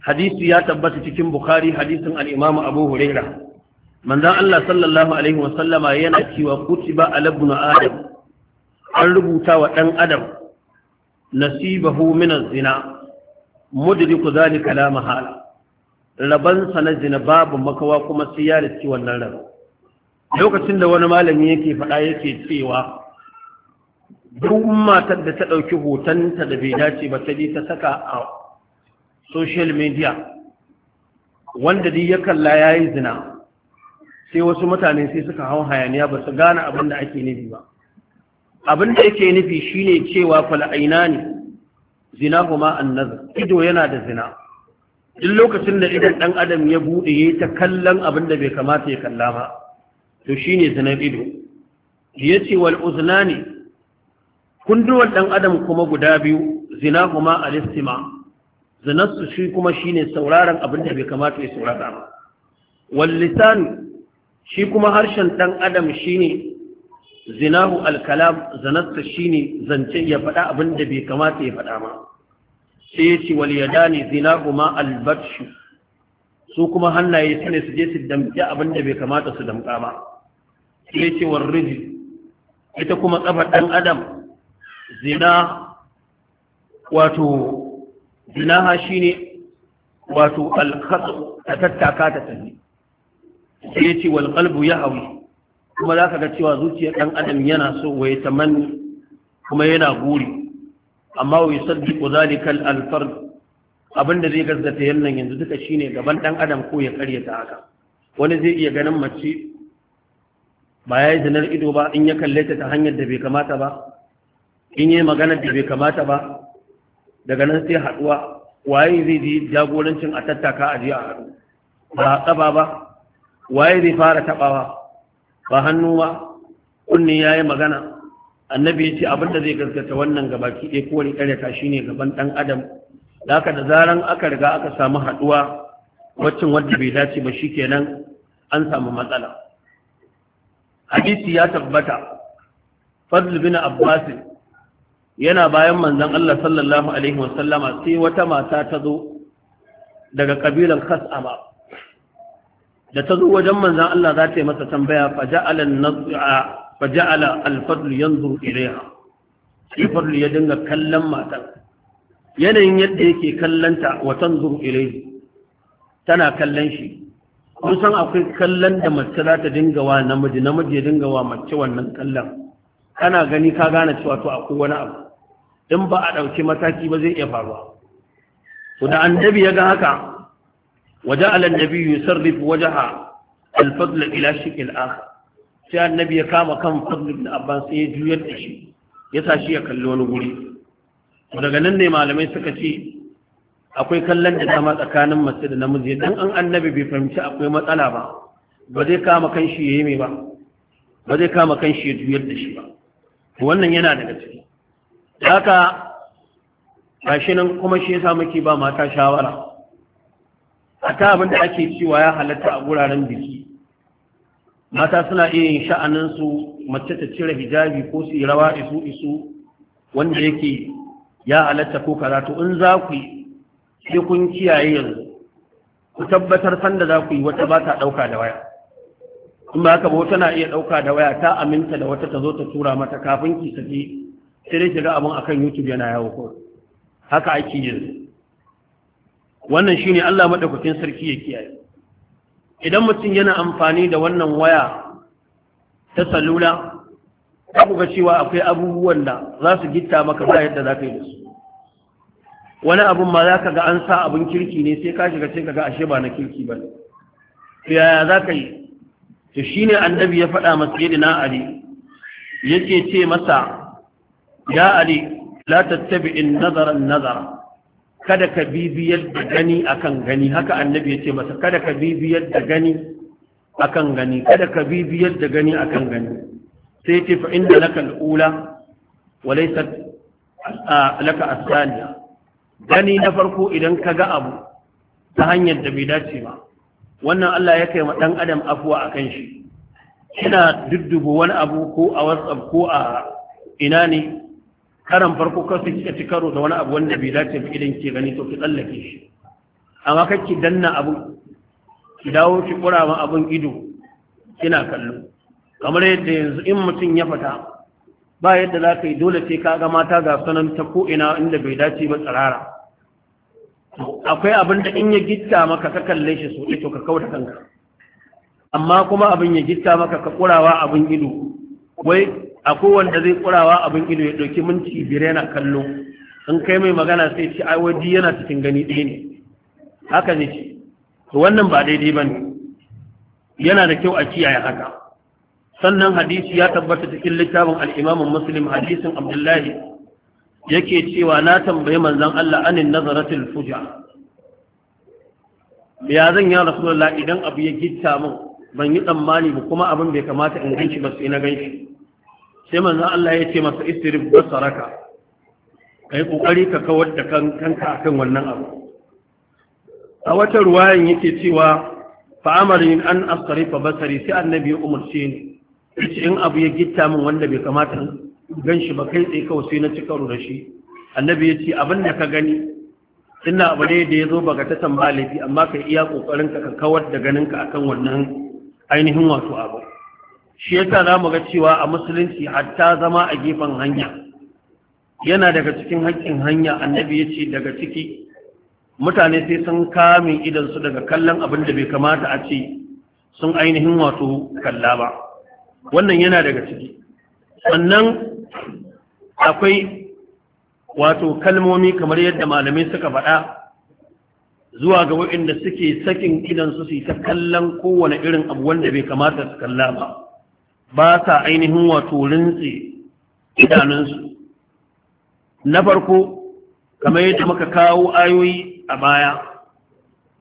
hadisi ya tabbata cikin bukhari hadisin al'imamu abu huraira manzan allah sallallahu alaihi wasallama yana cewa kutiba alabu na adam an rubuta wa ɗan adam nasibahu minan zina ku zani la mahala rabansa na zina babu makawa kuma sai ya riski wannan rabon lokacin da wani malami yake faɗa yake cewa duk matar da ta ɗauki hotonta da bai dace ba ta ta saka a social media wanda dai ya kalla ya yi zina sai wasu mutane sai suka hau hayaniya ba su gane abin da ake nufi ba abin da yake nufi shine cewa fal'aina ne zina kuma annazar ido yana da zina duk lokacin da idan ɗan adam ya buɗe ya ta kallon abin da bai kamata ya kalla ba to ne zinar ido ya ce wal ne. kunduwar ɗan adam kuma guda biyu zina kuma alistima zinarsu shi kuma shi ne sauraron abin da bai kamata ya saurara ba wal lisan shi kuma harshen ɗan adam shi ne. zinahu alkalam zanarsa ne zance ya faɗa abin da bai kamata ya faɗa ba sai ya ce wal ne zinahu ma albatshu su kuma hannaye su ne su je su damƙi abin da bai kamata su damƙa ba sai ce ita kuma ƙafar ɗan adam zina wato zinaha shine wato alkhatsu ta tattaka ta tafi sai ya ce wal qalbu ya hawi kuma zaka ga cewa zuciyar ɗan adam yana so waye tamanni kuma yana guri amma wa yusaddiqu zalika al alfard abinda zai gaskata yannan yanzu duka shine gaban ɗan adam ko ya ta haka wani zai iya ganin mace ba ya yi zinar ido ba in ya kalle ta hanyar da bai kamata ba in yi maganar da bai kamata ba daga nan sai haɗuwa waye zai ji jagorancin a tattaka a jiya a haɗu ba a ƙaba ba waye zai fara taɓawa ba hannu ba kunne ya yi magana annabi ya ce abin da zai gaskata wannan gaba ki ɗaya kowane ta shi ne gaban ɗan adam da aka da zaran aka riga aka samu haɗuwa waccan wadda bai dace ba shi kenan an samu matsala hadisi ya tabbata fadl bin abbas yana bayan manzon Allah sallallahu alaihi wasallama sai wata mata ta zo daga kabilan khas'ama da ta zo wajen manzan Allah za ta yi masa tambaya faja'ala alfadlu yanzu ilaiha Sai fadlu ya dinga kallon matan yanayin yadda yake kallanta watan zuru ilaihi tana kallon shi kun san akwai kallon da mace za ta dinga wa namiji namiji ya dinga wa mace wannan kallon kana gani ka gane cewa to akwai wani abu in ba a ɗauki mataki ba zai iya faruwa to da annabi ya ga haka waje ya yusarrif wajaha alfadl ila shikil akhar sai annabi ya kama kan fadl ibn abbas sai ya juyar da shi ya sa shi ya kalli wani guri daga nan ne malamai suka ce akwai kallon da ma tsakanin mace da namiji dan an annabi bai fahimci akwai matsala ba ba zai kama kan shi ya yi mai ba ba zai kama kan shi ya juyar da shi ba wannan yana daga ciki haka shi nan kuma shi yasa muke ba mata shawara a ta abin da ake cewa ya halatta a wuraren biki mata suna iya yin sha'aninsu mace ta cire hijabi ko su yi rawa isu isu wanda yake ya halatta ko karatu in za ku yi sai kun kiyaye yanzu ku tabbatar sanda za ku yi wata ba ta ɗauka da waya in ba haka ba wata na iya ɗauka da waya ta aminta da wata ta zo ta tura mata kafin ki saki sai dai shiga abin akan youtube yana yawo ko haka ake yanzu. wannan shine Allah madaukakin sarki ya kiyaye idan mutum yana amfani da wannan waya ta salula za ku ga cewa akwai abubuwan da za su gitta maka ba yadda za ka yi da su wani abun ma za ka ga an sa abin kirki ne sai ka shiga sai ka ga ashe ba na kirki ba to yaya za ka yi to ne annabi ya faɗa masa yadda ali yake ce masa ya ali la in nazaran nazara kada ka bibiyar da gani akan gani haka annabi ya ce masa kada ka bibiyar da gani akan gani kada ka bibiyar da gani akan gani sai ce fa inda laka al'ula wa laysa laka as-thaniya gani na farko idan ka ga abu ta hanyar da bai dace ba wannan Allah ya kai ma ɗan adam afuwa a kan shi ina duddubo wani abu ko a whatsapp ko a ina ne karan farko kasu kika ci karo da wani abu wanda bai dace ba idan ke gani to ki tsallake shi amma kake danna abu ki dawo ki kura ma abun ido kina kallo kamar yadda yanzu in mutum ya fita ba yadda za ka yi dole sai ka ga mata ga sanan ta ko ina inda bai dace ba tsirara akwai abin da in ya gitta maka ka kalle shi so to ka kauta kanka amma kuma abin ya gitta maka ka kurawa abin ido wai akwai wanda zai kurawa abin ido ya dauki minti biyar yana kallo in kai mai magana sai ce ai wadi yana cikin gani ɗaya ne haka ne ce to wannan ba daidai ba ne yana da kyau a kiyaye haka sannan hadisi ya tabbata cikin littafin al-Imam Muslim hadisin Abdullahi yake cewa na tambayi manzon Allah anin nazaratul fuja ya zan ya rasulullah idan abu ya gitta min ban yi tsammani ba kuma abin bai kamata in ganci ba sai na ganci sai manzon Allah ya ce masa istirib basaraka kai kokari ka kawar da kanka akan wannan abu a wata ruwayan yake cewa fa'amarin an askari basari sai annabi ya umarce ni in abu ya gitta min wanda bai kamata gan shi ba kai tsaye kawai sai na ci karo da shi annabi ya ce abin da ka gani ina abu ne da ya zo baka ta tamba laifi amma ka iya kokarin ka kawar da ganin ka akan wannan ainihin wato abu shi yasa za mu ga cewa a musulunci hatta zama a gefen hanya yana daga cikin haƙƙin hanya annabi ya ce daga ciki mutane sai sun kame idansu daga kallon abin da bai kamata a ce sun ainihin wato kalla ba wannan yana daga ciki sannan akwai wato kalmomi kamar yadda malamai suka faɗa zuwa ga waɗanda suke sakin idansu su yi ta kallon kowane irin abu wanda bai kamata su kalla ba ba sa ainihin wato rintse idanunsu na farko kamar yadda muka kawo ayoyi a baya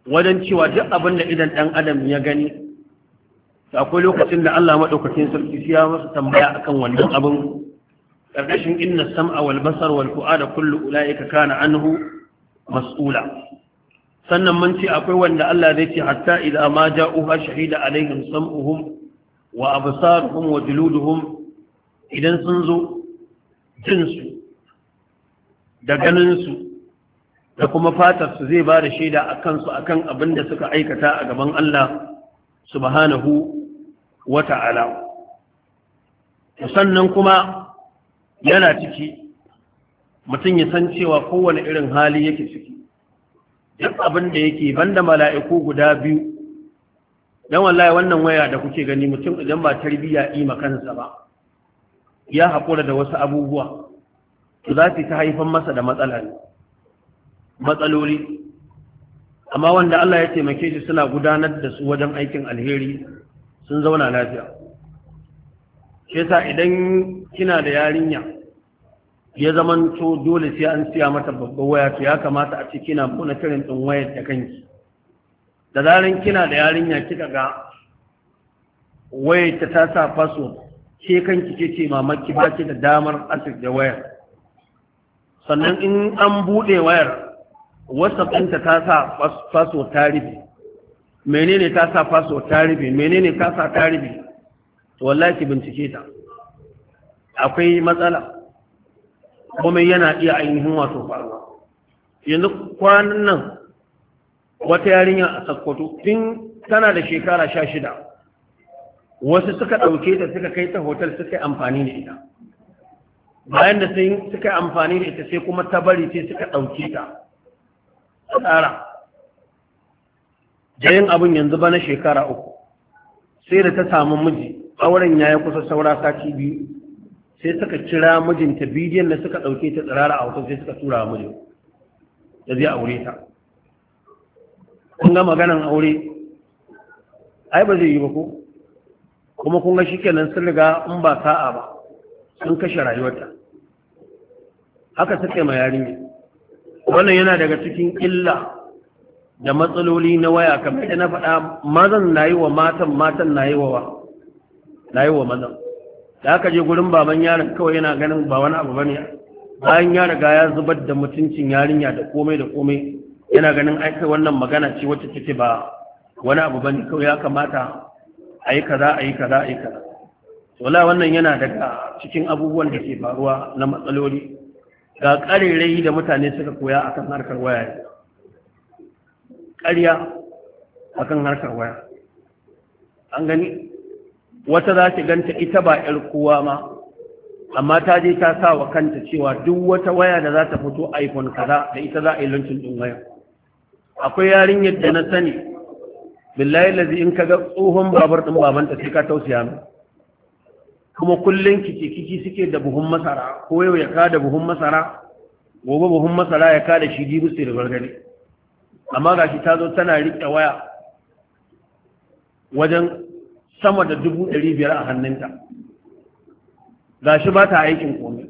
wajen cewa duk abin da idan ɗan adam ya gani akwai lokacin da Allah maɗaukacin sarki ya masa tambaya akan wannan abin ƙarƙashin inna sam'a wal basar wal fu'ada kullu ula'ika kana anhu mas'ula sannan mun ce akwai wanda Allah zai ce hatta idza ma ja'uha shahida alaihim sam'uhum wa absaruhum wa juluduhum idan sun zo jin su da ganin su da kuma fatar su zai ba da shaida akan su akan abin da suka aikata a gaban Allah subhanahu wa ta'ala sannan kuma yana ciki mutum ya san cewa kowane irin hali yake ciki duk abin da yake banda mala'iku guda biyu dan wallahi wannan waya da kuke gani mutum idan ba tarbiyya yi kansa ba ya haƙura da wasu abubuwa to za ta haifan masa da matsala ne matsaloli amma wanda Allah ya taimake shi suna gudanar da su wajen aikin alheri sun zauna lafiya shi idan kina da yarinya ya zaman to dole sai an siya mata babbar waya to ya kamata a ce kina bona kirin din wayar da kanki da zaran kina da yarinya kika ga wayar ta ta sa faso ke kanki ke ce mamaki ba ki da damar asir da wayar sannan in an buɗe wayar wasa ɗinta ta sa faso ta rufe menene ta sa faso ta rufe menene ta sa ta to wallahi bincike ta akwai matsala kuma yana iya ainihin wato faruwa yanzu kwanan nan wata yarinya a sakkwato tun tana da shekara sha shida wasu suka ɗauke ta suka kai ta hotel suka amfani da ita bayan da sun suka amfani da ita sai kuma ta bari sai suka ɗauke ta tsara jayin abin yanzu ba na shekara uku sai da ta samu miji auren ya yi kusa saura sati biyu sai suka kira mijinta bidiyon da suka ɗauke ta tsirara a hoton sai suka tura wa mijin da zai aure ta kun ga maganan aure ai ba zai yi ba ko kuma kun ga shikenan sun riga in ba sa'a ba sun kashe rayuwarta haka suke ma ne wannan yana daga cikin illa da matsaloli na waya kamar da na faɗa mazan na yi wa matan matan na yi wa wa na yi wa mazan da aka je gurin baban yaron kawai yana ganin ba wani abu bane bayan ya riga ya zubar da mutuncin yarinya da komai da komai yana ganin ai wannan magana ce wacce take ba wani abu bane kawai ya kamata a yi kaza a yi kaza a yi kaza wala wannan yana daga cikin abubuwan da ke faruwa na matsaloli ga ƙarerai da mutane suka koya akan harkar waya ƙarya akan harkar waya an gani wata za ta ganta ita ba 'yar kowa ma amma ta je ta sa wa kanta cewa duk wata waya da za ta fito iphone kaza da ita za a yi lancin ɗin waya akwai yarinyar da na sani billahi lazi in ka ga tsohon babar ɗin babanta sai ka tausaya mu kuma kullum kike kiki suke da buhun masara ko yau ya ka da buhun masara gobe buhun masara ya ka da shi jibi sai da gargadi amma gashi ta zo tana riƙe waya wajen sama da dubu ɗari biyar a hannunta ga shi ba ta aikin komai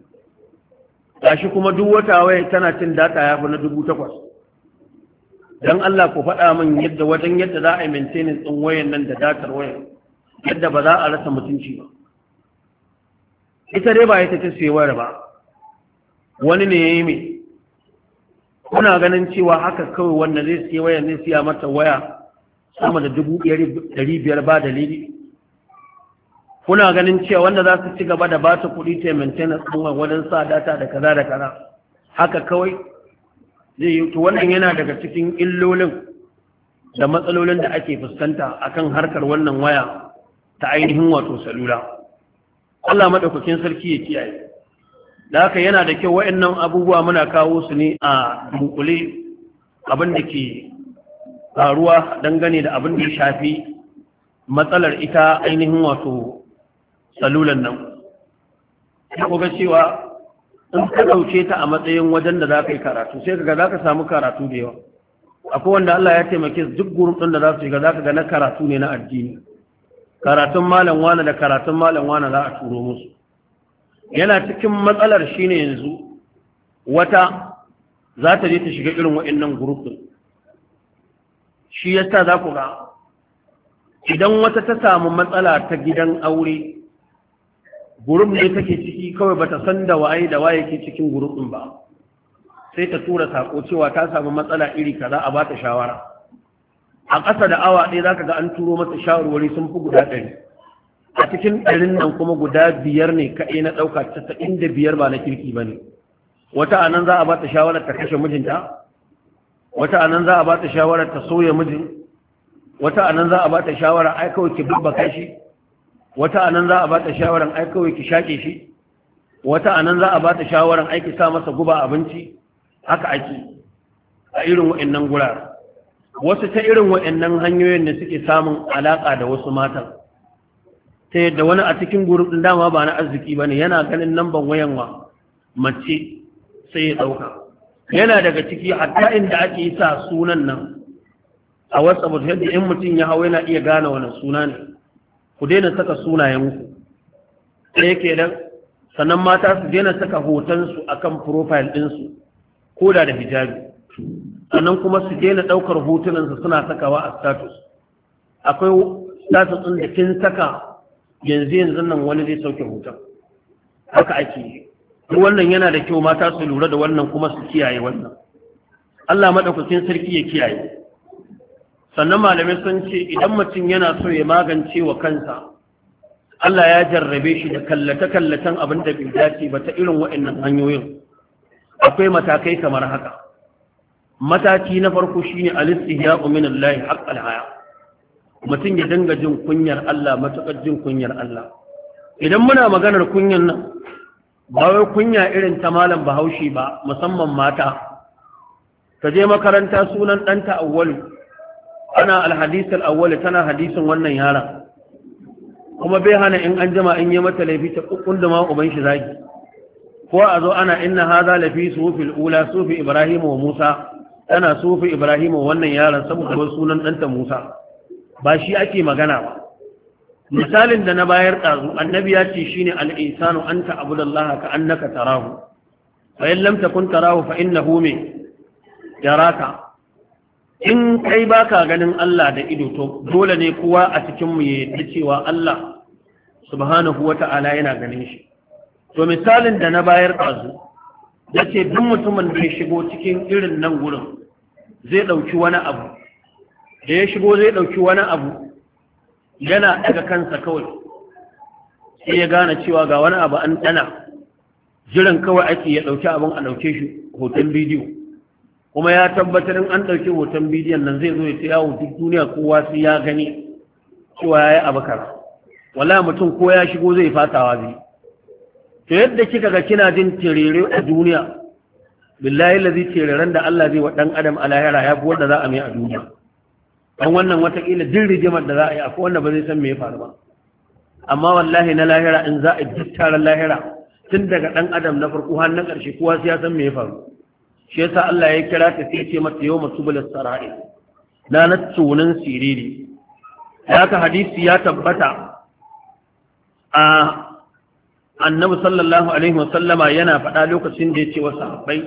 ga shi kuma duk wata waya tana cin data ya fi na dubu takwas don Allah ku faɗa min yadda wajen yadda za a yi maintenance ɗin wayan nan da datar wayan yadda ba za a rasa mutunci ba ita dai ba ita ce sewar ba wani ne ya yi mai kuna ganin cewa haka kawai wanda zai siya waya zai siya mata waya sama da dubu ɗari biyar ba dalili kuna ganin cewa wanda za su ci gaba da ba su kuɗi ta maintenance ɗin wajen sa data da kaza da kaza haka kawai zai yi wannan yana daga cikin illolin da matsalolin da ake fuskanta akan harkar wannan waya ta ainihin wato salula Allah madaukakin sarki ya kiyaye da haka yana da kyau waɗannan abubuwa muna kawo su ne a dunkule abin da ke faruwa dangane da abin da ya shafi matsalar ita ainihin wato Tsalulan nan ya koga ga cewa in ka ɗauke ta a matsayin wajen da za ka yi karatu sai ka ga za ka samu karatu da yawa akwai wanda Allah ya taimake duk gurin ɗin da za su shiga za ka ga na karatu ne na addini karatun malam wane da karatun malam wane za a turo musu yana cikin matsalar shine yanzu wata za ta je ta shiga irin waɗannan gurufin. Shi shi yasa za ku ga idan wata ta samu matsala ta gidan aure gurum ne take ciki kawai bata san da waye da waye ke cikin gurum din ba sai ta tura sako cewa ta samu matsala iri kaza a bata shawara a ƙasa da awa ɗaya zaka ga an turo masa shawarwari sun fi guda ɗari a cikin ɗarin nan kuma guda biyar ne kaɗai na ɗauka casa'in da biyar ba na kirki ba ne wata a nan za a bata shawarar ta kashe mijinta wata a nan za a bata shawarar ta sauya mijin wata a nan za a bata shawarar ai kawai ki bubba kashi wata anan za a ba ta shawaran ai kawai ki shaƙe shi wata anan za a ba ta shawaran ai ki sa masa guba abinci haka ake a irin wa'annan gurar. wasu ta irin wa'annan hanyoyin da suke samun alaƙa da wasu matan ta yadda wani a cikin gurin dama ba na arziki ba ne yana ganin namban wayan wa mace sai ya ɗauka yana daga ciki hatta inda ake sa sunan nan a whatsapp yadda in mutum ya hau yana iya gane wani suna ne ku daina saka sunayenku ɗaya ke nan sannan mata su daina saka hotonsu a kan profile ɗinsu ko da da hijabi sannan kuma su daina ɗaukar hotunansu suna sakawa a status akwai status ɗin da kin saka yanzu yanzu nan wani zai sauke hoton haka ake yi wannan yana da kyau mata su lura da wannan kuma su kiyaye wannan Allah maɗaukakin sarki ya kiyaye sannan malamai sun ce idan mutum yana so ya magance wa kansa Allah ya jarrabe shi da kallata-kallatan abin da bai dace ba ta irin waɗannan hanyoyin akwai matakai kamar haka mataki na farko shine al-istihya min Allah haqqal haya mutum ya dinga jin kunyar Allah matakar jin kunyar Allah idan muna maganar kunyar nan ba wai kunya irin ta malam Bahaushe ba musamman mata ka je makaranta sunan ɗanta awwalu ana alhadisan al'awwal tana hadisin wannan yaron kuma bai hana in an jama in yi mata laifi ta kukkun da ma'uban shi zagi ko a zo ana inna haza lafi sufi ula sufi Ibrahimu wa musa tana sufi ibrahim wannan yaron saboda sunan ɗanta musa ba shi ake magana ba misalin da na bayar ɗazu annabi ya ce shine al'isanu an ta'abudallaha ka annaka tarahu fa in lam takun tarahu fa innahu me yaraka in kai baka ganin Allah da ido to dole ne kowa a cikin mu yadda cewa Allah subhanahu wata'ala yana ganin shi to misalin da na bayar ɗazu ya ce duk mutumin da ya shigo cikin irin nan wurin, zai ɗauki wani abu da ya shigo zai ɗauki wani abu yana daga kansa kawai sai ya gane cewa ga wani abu an ɗana jiran kawai ake ya ɗauki abin a ɗauke shi hoton bidiyo kuma ya tabbatar in an ɗauki hoton bidiyon nan zai zo ya yawo duk duniya kowa sai ya gani cewa ya yi abakar wala mutum ko ya shigo zai fatawa zai to yadda kika ga kina jin tirere a duniya billahi lazi tireren da Allah zai wa ɗan adam a lahira ya fi wanda za a mai a duniya dan wannan watakila din rigimar da za a yi akwai wanda ba zai san me ya faru ba amma wallahi na lahira in za a duk lahira tun daga ɗan adam na farko har na ƙarshe kowa sai ya san me ya faru shi yasa Allah ya kira ta sai ce mata yau masubulis sara'il na na tsunan siriri ka hadisi ya tabbata a annabi sallallahu alaihi wasallama yana faɗa lokacin da ya ce wasu wa sahabbai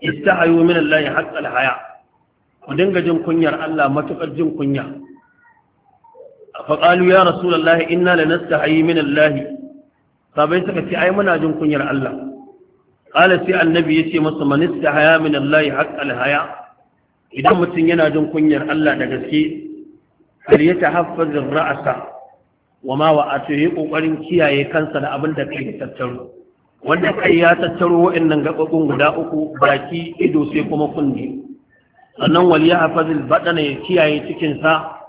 istahayu min Allah ya haqqal haya ku dinga jin kunyar Allah matuƙar jin kunya faƙalu ya rasulallah inna lanastahayi min Allah sabai suka ce ai muna jin kunyar Allah qala sai annabi yace masa manista haya min Allah haqqal haya idan mutum yana jin kunyar Allah da gaske fal yatahaffaz ar-ra'sa wa ma wa'atu yi kokarin kiyaye kansa da abin da kai tattaro wanda kai ya tattaro wa'annan gababun guda uku baki ido sai kuma kunni sannan wal yahfaz al-badana ya kiyaye cikinsa, sa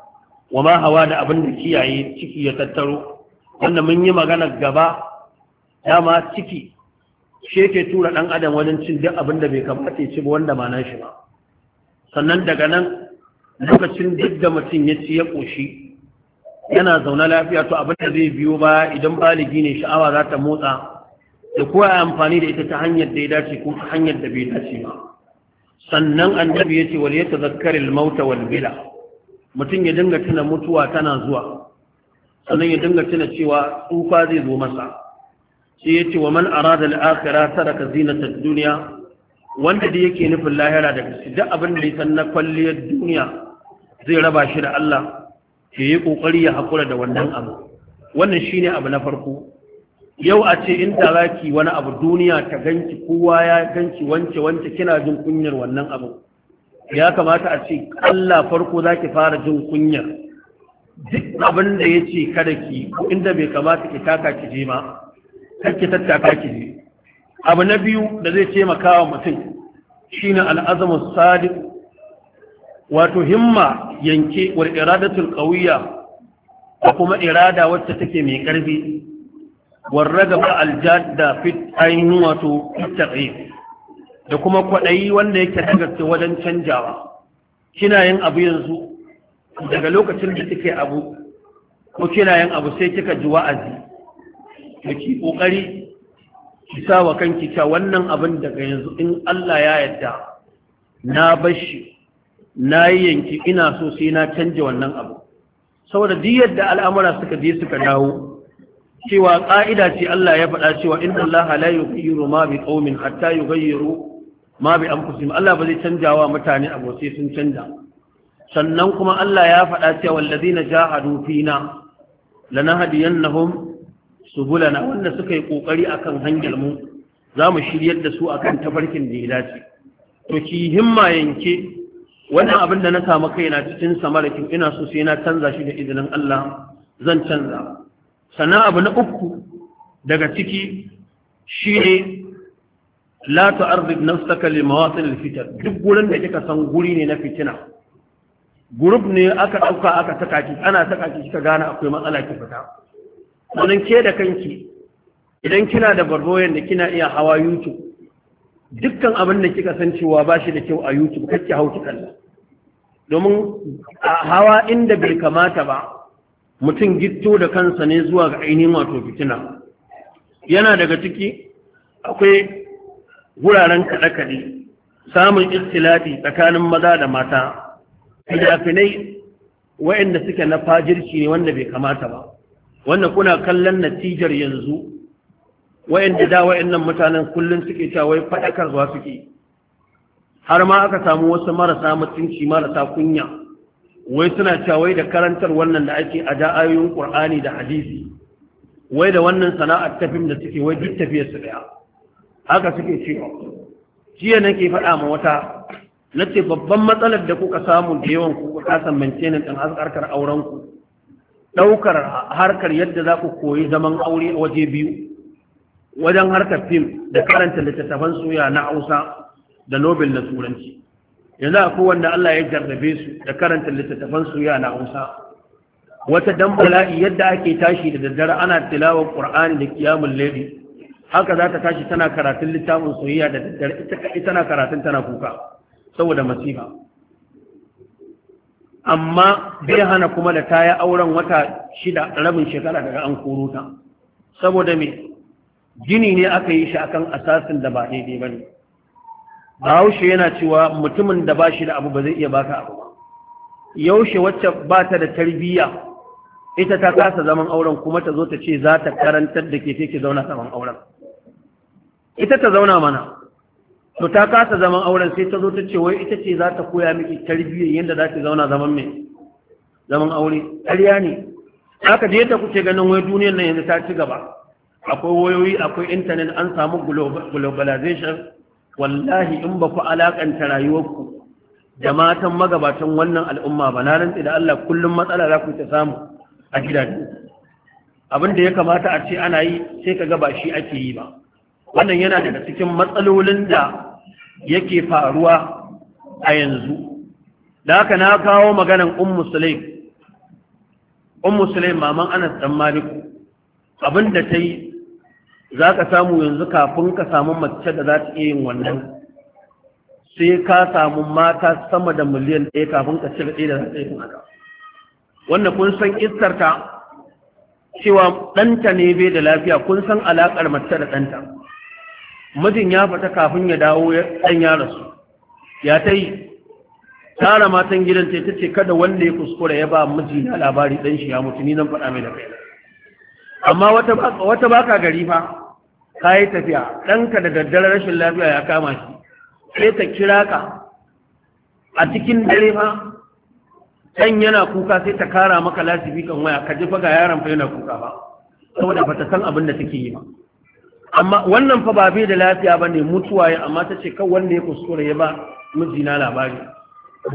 wa ma hawa da abin da kiyaye ciki ya tattaro wanda mun yi magana gaba dama ciki shi yake tura ɗan adam wajen cin duk abin da bai kamata ya ci wanda ba shi ba sannan daga nan lokacin duk da mutum ya ci ya ƙoshi yana zaune lafiya to abin da zai biyo ba idan baligi ne sha'awa za ta motsa da kuwa amfani da ita ta hanyar da ya dace ko ta hanyar da bai dace ba sannan annabi ya ce wal ya tazakkaril mauta wal bila mutum ya dinga tuna mutuwa tana zuwa sannan ya dinga tuna cewa tsufa zai zo masa shi yace wa man arada al-akhirah taraka zinata ad-dunya wanda da yake nufin lahira da gaske duk abin da ya san na kwalliyar duniya zai raba shi da Allah ke yi kokari ya hakura da wannan abu wannan shine abu na farko yau a ce in da zaki wani abu duniya ta ganki kowa ya ganki wance wance kina jin kunyar wannan abu ya kamata a ce Allah farko zaki fara jin kunyar duk abin da ya ce kada ki ko inda bai kamata ki taka ki je ba kake tattaka ki abu na biyu da zai taimaka wa mutum shine al'azamu sadiq wato himma yanke wal iradatul qawiyya da kuma irada wacce take mai karfi wal ragaba al jadda fi ainihin wato taqi da kuma kwadayi wanda yake daga wajen canjawa kina yin abu yanzu daga lokacin da kike abu ko kina yin abu sai kika ji wa'azi da kokari ƙoƙari ki sa wa kanki ta wannan abin daga yanzu in Allah ya yarda na bashi na yi yanki ina so sai na canja wannan abu saboda duk yadda al'amura suka je suka dawo cewa ƙa'ida ce Allah ya faɗa cewa inna Allah la yughayyiru ma bi qaumin hatta yughayyiru ma bi anfusihim Allah ba zai wa mutane abu sai sun canja sannan kuma Allah ya faɗa cewa wallazina jahadu fina lanahadiyannahum Su na wanda suka yi kokari akan hanyar mu za mu shiryar da su akan tafarkin da ya dace to ki himma yanke wannan abin da na samu na cikin samarakin ina so sai na canza shi da izinin Allah zan canza sannan abu na uku daga ciki ne la tu'arrid nafsaka li mawatin al-fitan duk gurin da kika san guri ne na fitina Guruf ne aka dauka aka saka ana takaki kika gane akwai matsala ki fita wannan ke da kanki idan kina da barboyan da kina iya hawa youtube dukkan abin da kika san cewa ba shi da kyau a youtube kake hau kalla domin a hawa inda bai kamata ba mutum gitto da kansa ne zuwa ga ainihin wato fitina yana daga ciki akwai wuraren kaɗe-kaɗe samun istilafi tsakanin maza da mata fina-finai waɗanda suke na fajirci ne wanda bai kamata ba wannan kuna kallon natijar yanzu wayanda da wayannan mutanen kullun suke cewa wai zuwa suke har ma aka samu wasu marasa mutunci marasa kunya wai suna cewa wai da karantar wannan da ake a da ayoyin Qur'ani da hadisi wai da wannan sana'ar tafim da suke wai duk tafiyar su daya haka suke cewa jiya nake faɗa ma wata nace babban matsalar da kuka samu da yawan ku kuka san maintenance din harkar auren ku Daukar harkar yadda za ku koyi zaman aure waje biyu wajen harkar fim da karanta littattafan soya na hausa da nobel na turanci yanzu a kowanne allah ya jarrabe su da karanta littattafan soya na hausa wata dan bala'i yadda ake tashi da daddare ana tilawar qur'ani da qiyamul layli haka za ta tashi tana karatun littafin soyayya da daddare ita tana karatun tana kuka saboda masifa amma bai hana kuma da ta yi auren wata shida rabin shekara daga an kuruta ta saboda me gini ne aka yi shi akan asasin da ba daidai ba ne bahaushe yana cewa mutumin da ba shi da abu ba zai iya baka abu ba yaushe wacce ba ta da tarbiyya ita ta kasa zaman auren kuma ta zo ta ce za ta karantar da ke take zauna zaman auren ita ta zauna mana to ta kasa zaman auren sai ta zo ta ce wai ita ce za ta koya miki tarbiyyar yadda za ki zauna zaman mai zaman aure ƙarya ne aka je ta kuke ganin wai duniyar nan yanzu ta ci gaba akwai wayoyi akwai intanet an samu globalization wallahi in ba ku alakanta rayuwarku da matan magabatan wannan al'umma ba na rantsi da Allah kullum matsala za ku ta samu a gidaje abin da ya kamata a ce ana yi sai ka ga ba shi ake yi ba wannan yana daga cikin matsalolin da yake faruwa a yanzu da haka na kawo maganan ummu sulaim ummu sulaim maman anas dan malik abinda ta yi za ka samu yanzu kafin ka samu mace da za ta iya yin wannan sai ka samu mata sama da miliyan ɗaya kafin ka ci da za ta yin haka wannan kun san istarta cewa ɗanta ne bai da lafiya kun san alaƙar mace da ɗanta mijin ya fita kafin ya dawo ɗan ya su. ya ta yi tara matan gidan ta ce kada wanda ya kuskura ya ba miji na labari ɗan shi ya mutu ni zan faɗa mai da kai amma wata baka gari fa ka yi tafiya ɗanka da daddare rashin lafiya ya kama shi sai ta kira ka a cikin dare fa ɗan yana kuka sai ta kara maka lasifi kan waya ka ji faga yaron fa yana kuka ba saboda ba ta san abin da take yi ba amma wannan fa ba bai da lafiya ne, mutuwa ya amma ta ce kan wanda ya kuskure ya ba mijina labari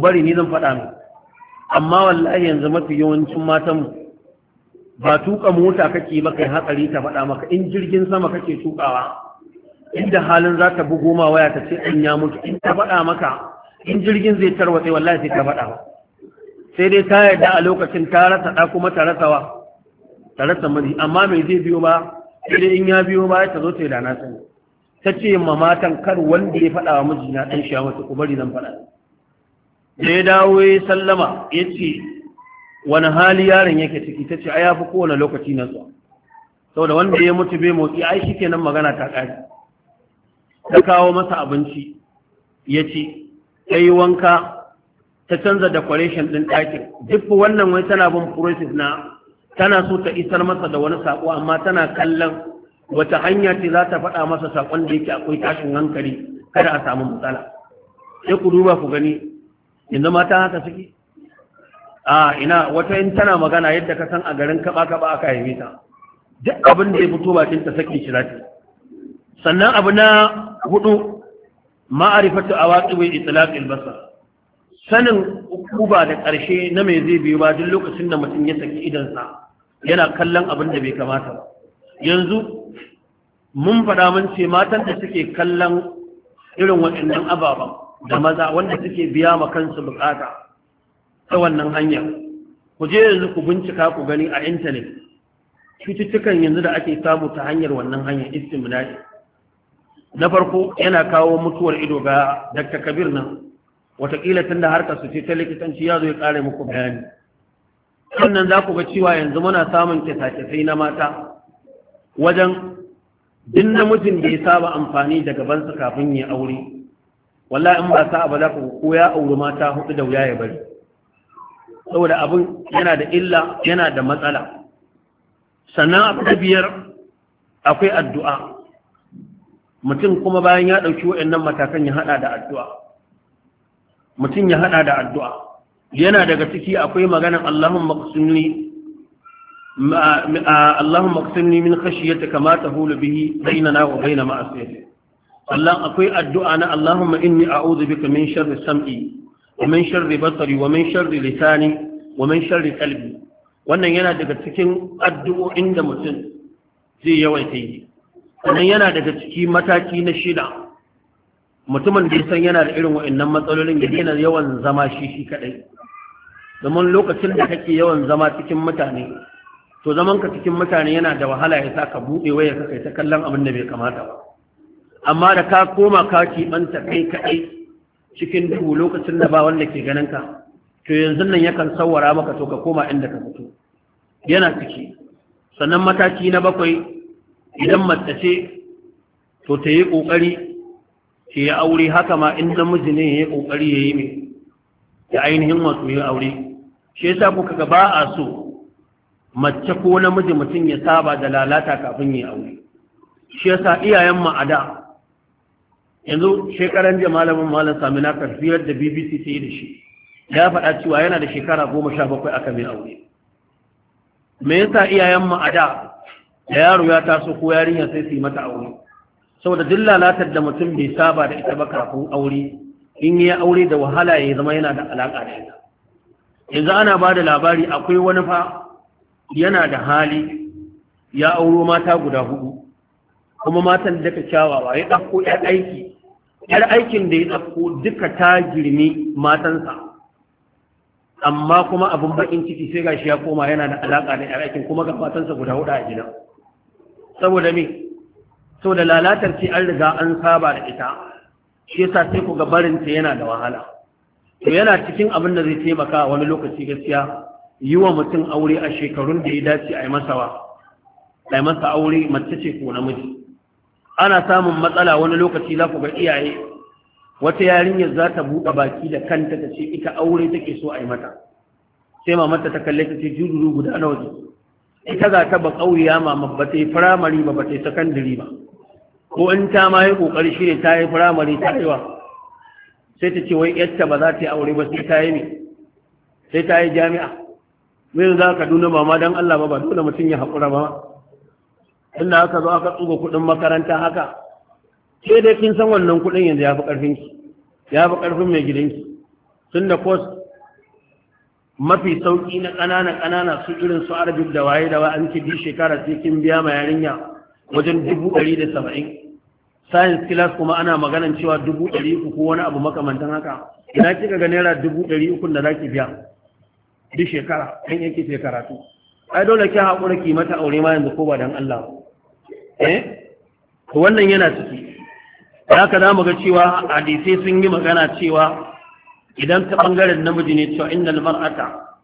bari ni zan faɗa mu amma wallahi yanzu mafi yawancin matanmu ba tuka mota kake ba kai hatsari ta faɗa maka in jirgin sama kake tukawa inda halin za ta bugo ma waya ta ce ya mutu in ta faɗa maka in jirgin zai tarwatse wallahi sai ta faɗa sai dai ta yarda a lokacin ta rasa ɗa kuma ta ta rasa amma mai zai biyo ba sai in ya biyo ba ta zo ta yi da sani ta ce ma matan kar wanda ya faɗa wa mijina ɗan shi wata ku bari zan faɗa da ya dawo ya sallama ya ce wani hali yaron yake ciki ta ce a ya fi kowane lokaci na zuwa saboda wanda ya mutu bai motsi ai shi kenan magana ta ƙari ta kawo masa abinci ya ce ta yi wanka ta canza decoration ɗin ɗakin duk wannan wai tana bin process na tana so ta isar masa da wani sako amma tana kallon wata hanya ce za ta faɗa masa saƙon da yake akwai tashin hankali kada a samu matsala sai ku duba ku gani yanzu mata haka suke a ina wata in tana magana yadda ka san a garin kaba kaba aka haife ta duk abin da ya fito bakin ta sake shi zaki sannan abu na hudu ma'arifatu awaqibi itlaqil basar sanin kuba da ƙarshe na mai zai biyu ba duk lokacin da mutum ya saki idansa yana kallon abin da bai kamata ba yanzu mun faɗa mun ce matan da suke kallon irin waɗannan ababen da maza wanda suke biya ma kansu bukata ta wannan hanyar ku je yanzu ku bincika ku gani a intanet cututtukan yanzu da ake samu ta hanyar wannan hanyar istimna'i na farko yana kawo mutuwar ido ga Dr. Kabir nan watakila tun da harkar su ce ta likitanci ya zo ya kare muku bayani sannan za ku ga cewa yanzu muna samun kyasa-kyasai na mata wajen duk namijin da ya saba amfani da gabansa kafin ya aure walla in ba sa'a ba za ku ko ya auri mata hudu da wuya ya bari saboda abin yana da illa yana da matsala sannan abu ta biyar akwai addu'a mutum kuma bayan ya ɗauki waɗannan matakan ya haɗa da addu'a mutum ya haɗa da addu'a yana daga ciki akwai maganan Allahumma qsimni Allahumma qsimni min khashyatika ma tahulu bihi bainana wa bain ma'asiyatik Allah akwai addu'a na Allahumma inni a'udhu bika min sharri sam'i wa min sharri basari wa min sharri lisani wa min sharri qalbi wannan yana daga cikin addu'o'in da mutum zai yawaita yi sannan yana daga ciki mataki na shida mutumin da san yana da irin wa'annan matsalolin ya yana yawan zama shi shi kadai zaman lokacin da kake yawan zama cikin mutane to zaman cikin mutane yana da wahala ya sa ka buɗe waya ka kai ta kallon abin da bai kamata ba amma da ka koma ka ɓanta kai kaɗai cikin duhu lokacin da ba wanda ke ganin ka to yanzu nan yakan sawara maka to ka koma inda ka fito yana ciki sannan mataki na bakwai idan mace ce to ta yi ƙoƙari ta yi aure haka ma in namiji ne ya yi ƙoƙari ya yi mai Da ainihin masu yi aure shi yasa kuka ga ba a so mace ko namiji mutum ya saba da lalata kafin ya aure shi yasa iyayen mu a yanzu shekaran jiya malamin malam sami na karfiyar da bbc ta yi da shi ya faɗa cewa yana da shekara goma sha bakwai aka mai aure me yasa iyayen mu a da da yaro ya taso ko yarinya sai su yi mata aure saboda duk lalatar da mutum bai saba da ita ba kafin aure in ya aure da wahala ya zama yana da alaƙa da ita yanzu ana ba da labari akwai wani fa yana da hali ya auro mata guda hudu kuma matan da daga kyawawa ya ɗafko ‘yar aiki ‘yar aikin da ya ɗafko duka ta girmi matansa amma kuma abin bakin ciki sai gashi ya koma yana da alaƙa da ‘yar aikin kuma ga matansa guda hudu a gida saboda me saboda lalatar ce an riga an saba da ita shi yasa sai ku ga barinta yana da wahala to yana cikin abin da zai taimaka wani lokaci gaskiya yi wa mutum aure a shekarun da ya dace a yi masa wa a yi masa aure mace ce ko namiji ana samun matsala wani lokaci za ku ga iyaye wata yarinyar za ta buɗe baki da kanta ta ce ita aure take so a yi mata sai mamata ta kalle ta ce jururu guda nawa ita za ta ba ƙauriya mama ba ta yi firamare ba ba ta yi sakandare ba ko in ta ma yi ƙoƙari shi ne ta yi firamare ta yi sai ta ce wai yadda ba za ta yi aure ba sai ta yi ne sai ta yi jami'a mai za ka duna ba ma don Allah ba ba dole mutum ya haƙura ba inda aka zo aka tsugo kuɗin makaranta haka ke dai kin san wannan kuɗin yanzu ya fi ki ya fi ƙarfin mai gidanki tun da kos mafi sauƙi na ƙanana ƙanana su irin su arabic da waye da an ci bi shekara sai kin biya ma yarinya wajen dubu ɗari da saba'in science class kuma ana maganan cewa dubu ɗari uku ko wani abu makamantan haka ina kika ga naira dubu ɗari uku da za ki biya duk shekara ɗan yanki ke karatu ai dole ki haƙura ki mata aure ma yanzu ko ba dan Allah eh wannan yana ciki ka za mu ga cewa hadisai sun yi magana cewa idan ta bangaren namiji ne cewa innal mar'ata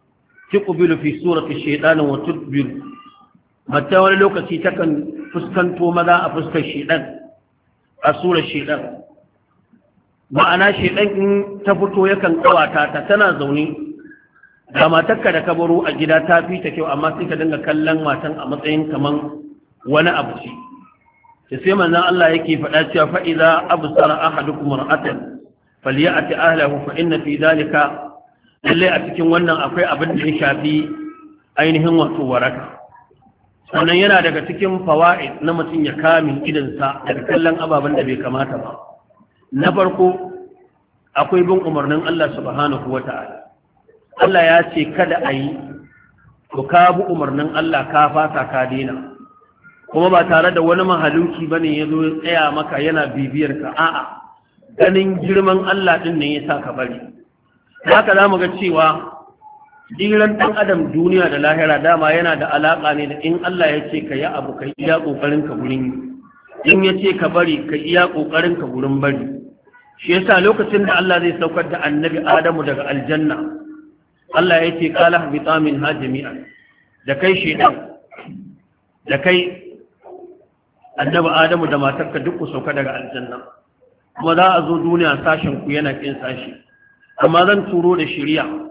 tuqbilu fi surati shaytan wa tudbiru mata wani lokaci takan fuskanto maza a fuskar shaytan a sura shedan ma'ana shedan in ta fito yakan kawata ta tana zaune ga matarka da kabaro a gida ta fi ta kyau amma sai ka dinga kallon matan a matsayin kaman wani abu ce da sai manzon Allah yake faɗa cewa fa idza absara ahadukum ra'atan falyati ahlihi fa inna fi dhalika lalle a cikin wannan akwai abin da ya shafi ainihin wato waraka sannan yana daga cikin fawa'id na mutum ya kame idansa daga kallon ababen da bai kamata ba na farko akwai bin umarnin Allah subhanahu wa ta'ala Allah ya ce kada a yi to ka bi umarnin Allah ka fasa ka daina kuma ba tare da wani mahaluki ne ya zo ya tsaya maka yana bibiyar ka a'a ganin girman Allah ɗin ne ya sa ka bari haka za mu ga cewa jiran ɗan adam duniya da lahira dama yana da alaƙa ne da in Allah ya ce ka yi abu ka iya ƙoƙarin ka gurin yi in ya ce ka bari ka iya ƙoƙarin ka gurin bari shi yasa lokacin da Allah zai saukar da annabi Adamu daga aljanna Allah ya ce qala habita min ha jami'a da kai shedan da kai annabi Adamu da matarka duk ku sauka daga aljanna kuma za a zo duniya sashen ku yana kin sashi amma zan turo da shari'a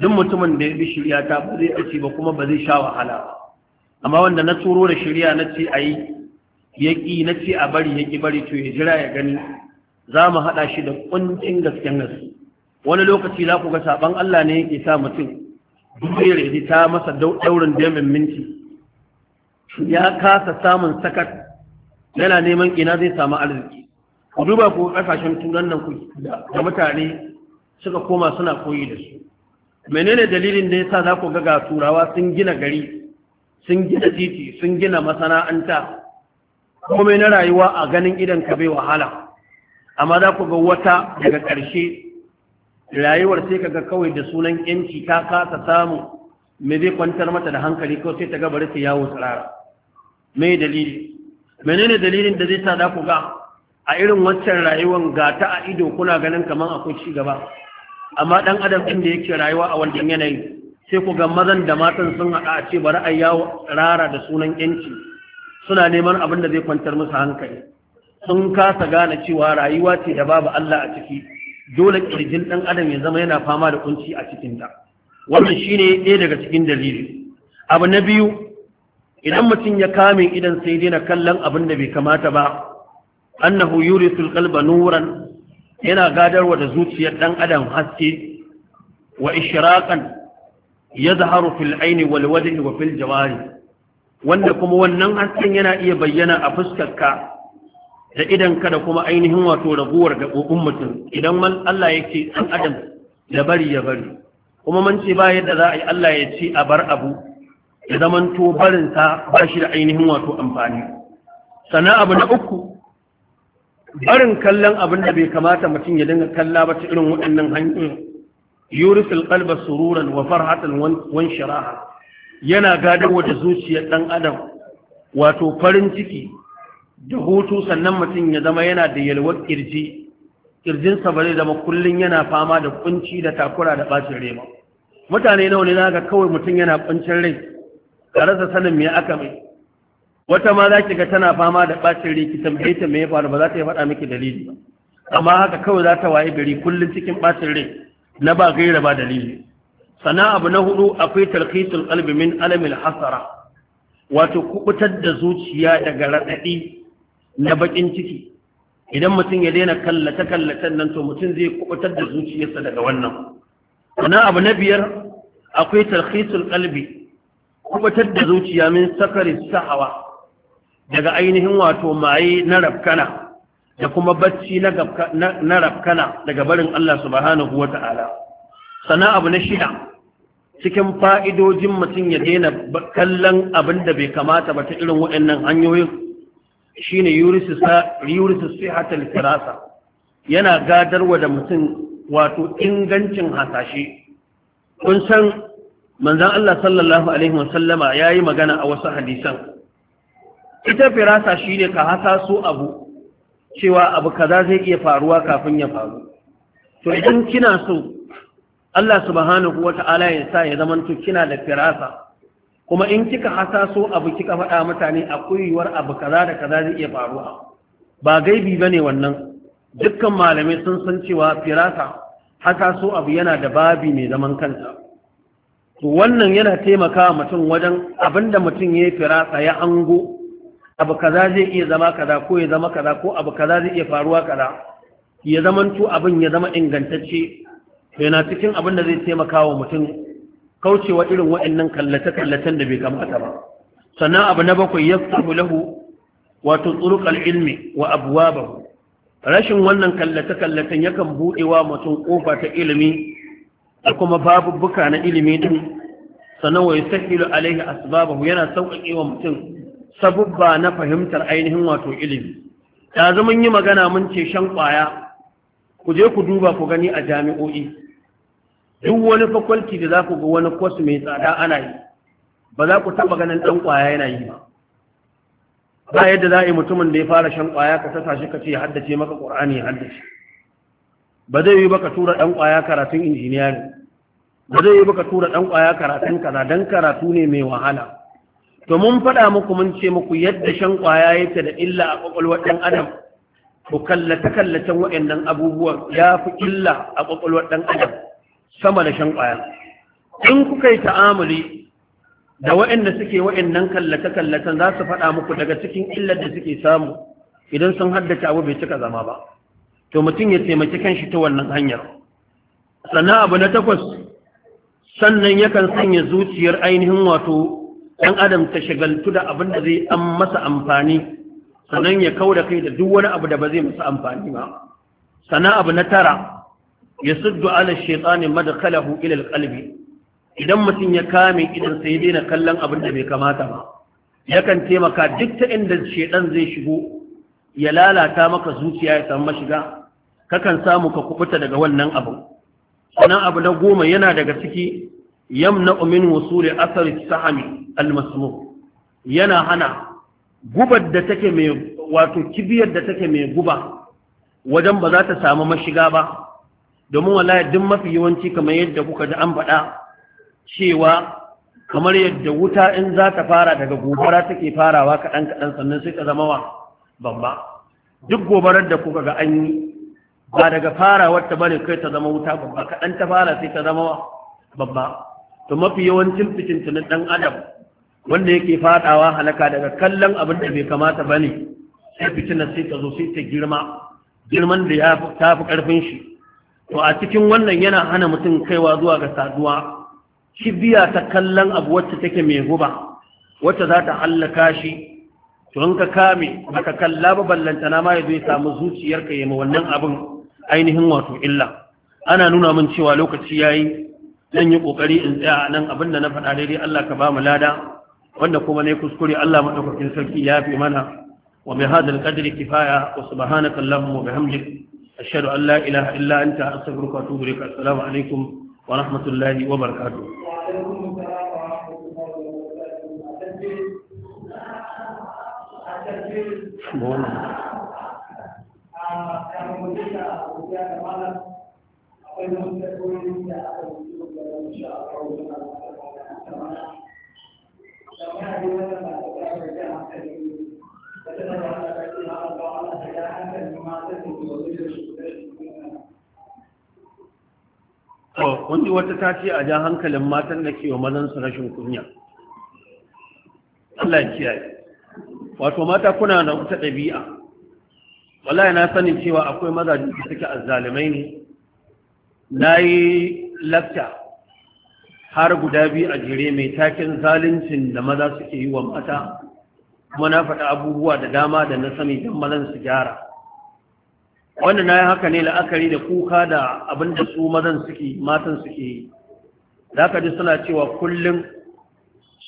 duk mutumin da ya bi shirya ta ba zai aiki ba kuma ba zai sha wahala ba amma wanda na turo da shirya na ce a yi yaƙi na ce a bari yaƙi bari to ya jira ya gani za mu haɗa shi da ƙuncin gasken gaske wani lokaci za ku ga saɓan Allah ne yake sa mutum Duk ya ta masa daurin damin minti ya kasa samun sakat yana neman ina zai samu arziki ku duba ku ƙasashen turan nan ku da mutane suka koma suna koyi da su menene dalilin da yasa za ku ga ga turawa sun gina gari sun gina titi sun gina masana'anta komai na rayuwa a ganin idan ka bai wahala amma za ku ga wata daga ƙarshe rayuwar sai ka ga kawai da sunan yanci ta kasa samu me zai kwantar mata da hankali ko sai ta ga bari ta yawo tsirara me dalili menene dalilin da zai sa za ku ga a irin waccan rayuwar ga ta a ido kuna ganin kamar akwai ci gaba amma ɗan adam ɗin da yake rayuwa a wannan yanayi sai ku ga mazan da matan sun haɗa a ce bari a yawo rara da sunan yanci suna neman abin da zai kwantar musu hankali sun kasa gane cewa rayuwa ce da babu Allah a ciki dole kirjin ɗan adam ya zama yana fama da kunci a cikin ta wannan shine ɗaya daga cikin dalili abu na biyu idan mutum ya kame idan sai daina kallon abin da bai kamata ba annahu yurisul qalba nuran yana gadarwa da zuciyar ɗan adam haske wa ishiraƙan ya fil aini wal wajhi wa fil jawari wanda kuma wannan hasken yana iya bayyana a fuskarka da ka da kuma ainihin wato raguwar gaɓoɓin mutum idan man Allah ya ce ɗan adam da bari ya bari kuma man ce ba yadda za a yi Allah ya ce a bar abu ya zamanto barinsa ba shi da ainihin wato amfani sannan abu na uku barin kallon abin da bai kamata mutum ya dinga kalla ba ta irin waɗannan hanyoyin yurisul qalba sururan wa farhatan wan shiraha yana gadarwa wata zuciyar dan adam wato farin ciki da hutu sannan mutum ya zama yana da yalwar kirji kirjinsa ba zai zama kullum yana fama da kunci da takura da bacin rai ba mutane nawa ne ga kawai mutum yana kuncin rai ka rasa sanin me aka mai wata ma za ki ga tana fama da ɓacin riki ki tambaye ta mai faru ba za ta yi faɗa miki dalili ba amma haka kawai za ta waye gari kullum cikin ɓacin rai na ba gaira ba dalili sannan abu na hudu akwai talqisul qalbi min alamil hasara wato kubutar da zuciya daga raɗaɗi na bakin ciki idan mutum ya daina kallata kallatan nan to mutum zai kubutar da zuciyarsa daga wannan sannan abu na biyar akwai talqisul qalbi kubutar da zuciya min sakari sahawa daga ainihin wato maye na rafkana da kuma bacci na rafkana daga barin Allah subhanahu wa ta'ala sana abu na shida cikin fa'idojin mutum ya daina kallon abin da bai kamata ba ta irin waɗannan hanyoyin shi ne yurisu sihatar firasa yana gadarwa da mutum wato ingancin hasashe kun san manzan Allah sallallahu Alaihi wasallama ya yi magana a wasu hadisan ita firasa shine ka hasaso abu cewa abu kaza zai iya faruwa kafin ya faru to idan kina so Allah subhanahu wata'ala ya sa ya zama to kina da firasa kuma in kika hasaso abu kika faɗa mutane akwai yiwuwar abu kaza da kaza zai iya faruwa ba gaibi bane wannan dukkan malamai sun san cewa firasa hasaso abu yana da babi mai zaman kansa wannan yana taimaka mutum wajen abinda mutum ya yi firasa ya ango abu kaza zai iya zama kaza ko ya zama kaza ko abu kaza zai iya faruwa kaza ya zamanto abin ya zama ingantacce yana cikin abin da zai taimaka wa mutum kaucewa irin waɗannan kallace-kallacen da bai kamata ba sannan abu na bakwai ya lahu wato tsurukal ilmi wa abuwa rashin wannan kallace-kallacen yakan buɗewa mutum ƙofa ta ilimi da kuma babubbuka na ilimi din sannan wa yusahilu alaihi asbabahu yana sauƙaƙe wa mutum sabubba na fahimtar ainihin wato ilimi da zama yi magana mun ce shan kwaya ku je ku duba ku gani a jami'o'i duk wani fakwalki da za ku ga wani kwas mai tsada ana yi ba za ku taɓa ganin ɗan kwaya yana yi ba ba yadda za a yi mutumin da ya fara shan kwaya ka sasa shi ka ce haddace maka ƙur'ani ya haddace ba zai yi baka tura ɗan kwaya karatun injiniya ne ba zai yi baka tura ɗan kwaya karatun kaza don karatu ne mai wahala to mun faɗa muku mun ce muku yadda shan ƙwaya yake da illa a ƙwaƙwalwar ɗan adam ko kallace kallacen waɗannan abubuwan ya fi illa a ƙwaƙwalwar ɗan adam sama da shan ƙwaya in kuka yi ta'amuli da waɗanda suke waɗannan kallace kallacen za su faɗa muku daga cikin illar da suke samu idan sun haddace abu bai cika zama ba to mutum ya taimaki kanshi ta wannan hanyar sannan abu na takwas sannan yakan sanya zuciyar ainihin wato ɗan adam ta shagaltu da abin da zai an masa amfani sannan ya kau da kai da duk wani abu da ba zai masa amfani ba sana abu na tara ya suddu ala shaitani madakalahu ila alqalbi idan mutum ya kame idan sai daina kallon abin da bai kamata ba yakan taimaka duk ta inda shaitan zai shigo ya lalata maka zuciya ya samu mashiga kakan samu ka kubuta daga wannan abu sannan abu na goma yana daga ciki yamna'u min wusuli athari sahami almasmu yana hana gubar da take mai wato kibiyar da take mai guba wajen ba za ta samu mashiga ba domin wallahi duk mafi yawanci kamar yadda kuka ji an faɗa cewa kamar yadda wuta in za ta fara daga gobara take farawa kaɗan kaɗan sannan sai ta zama wa Bamba, duk gobarar da kuka ga an yi ba daga farawar ta bane kai ta zama wuta babba kaɗan ta fara sai ta zama wa babba to mafi yawancin fitintunin ɗan adam wanda yake fadawa halaka daga kallon abin da bai kamata ba ne sai fitinar sai ta zo sai ta girma girman da ya ta fi ƙarfin shi to a cikin wannan yana hana mutum kaiwa zuwa ga saduwa kibiya ta kallon abu wacce take mai guba wacce za ta hallaka shi to in ka kame baka kalla ba ballantana ma ya zo ya samu zuciyarka ya ma wannan abin ainihin wato illa ana nuna min cewa lokaci yayi zan yi kokari in tsaya a nan abinda na faɗa daidai Allah ka ba mu lada wanda kuma ne kuskure Allah madaukakin sarki ya fi mana wa bi hadal qadri kifaya wa subhanaka allahumma wa bihamdik ashhadu an la ilaha illa anta astaghfiruka wa atubu ilaik assalamu alaikum wa rahmatullahi wa barakatuh Bueno. akwai wani wata ta ce a jan hankalin matan da ke wa mazansu rashin kunya. Allah ya kiyaye. Wato mata kuna na wata ɗabi'a. Wallahi na sanin cewa akwai mazajen da suke azzalimai ne, na yi lakta har guda biyu a jere mai takin zaluncin da maza suke yi wa mata kuma na faɗi abubuwa da dama da na sani don mazan su gyara wanda na yi haka ne la'akari da kuka da abin da su mazan suke matan suke yi za ka ji suna cewa kullum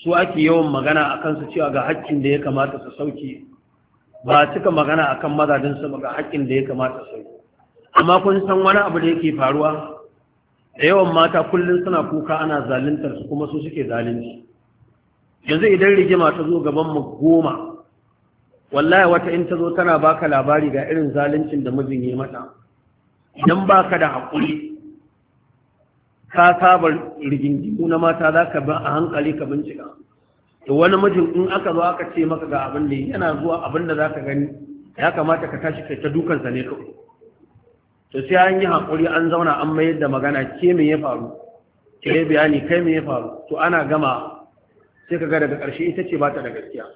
su ake yawan magana a kansu cewa ga haƙƙin da ya kamata su sauke ba cika magana a kan mazajensu ba ga haƙƙin da ya kamata su sauke amma kun san wani abu da yake faruwa da yawan mata kullum suna kuka ana zaluntar su kuma su suke zalunci yanzu idan rigima ta zo gaban mu goma wallahi wata in ta zo tana baka labari ga irin zaluncin da mijin ya mata idan baka da haƙuri ka saba rigingimu na mata za ka ba a hankali ka bincika to wani mijin in aka zo aka ce maka ga abin da yana zuwa abin da za ka gani ya kamata ka tashi kai ta dukansa ne kawai to sai an yi hakuri an zauna an mayar da magana ke me ya faru ke ya bayani kai me ya faru to ana gama sai kaga daga ƙarshe ita ce ba ta da gaskiya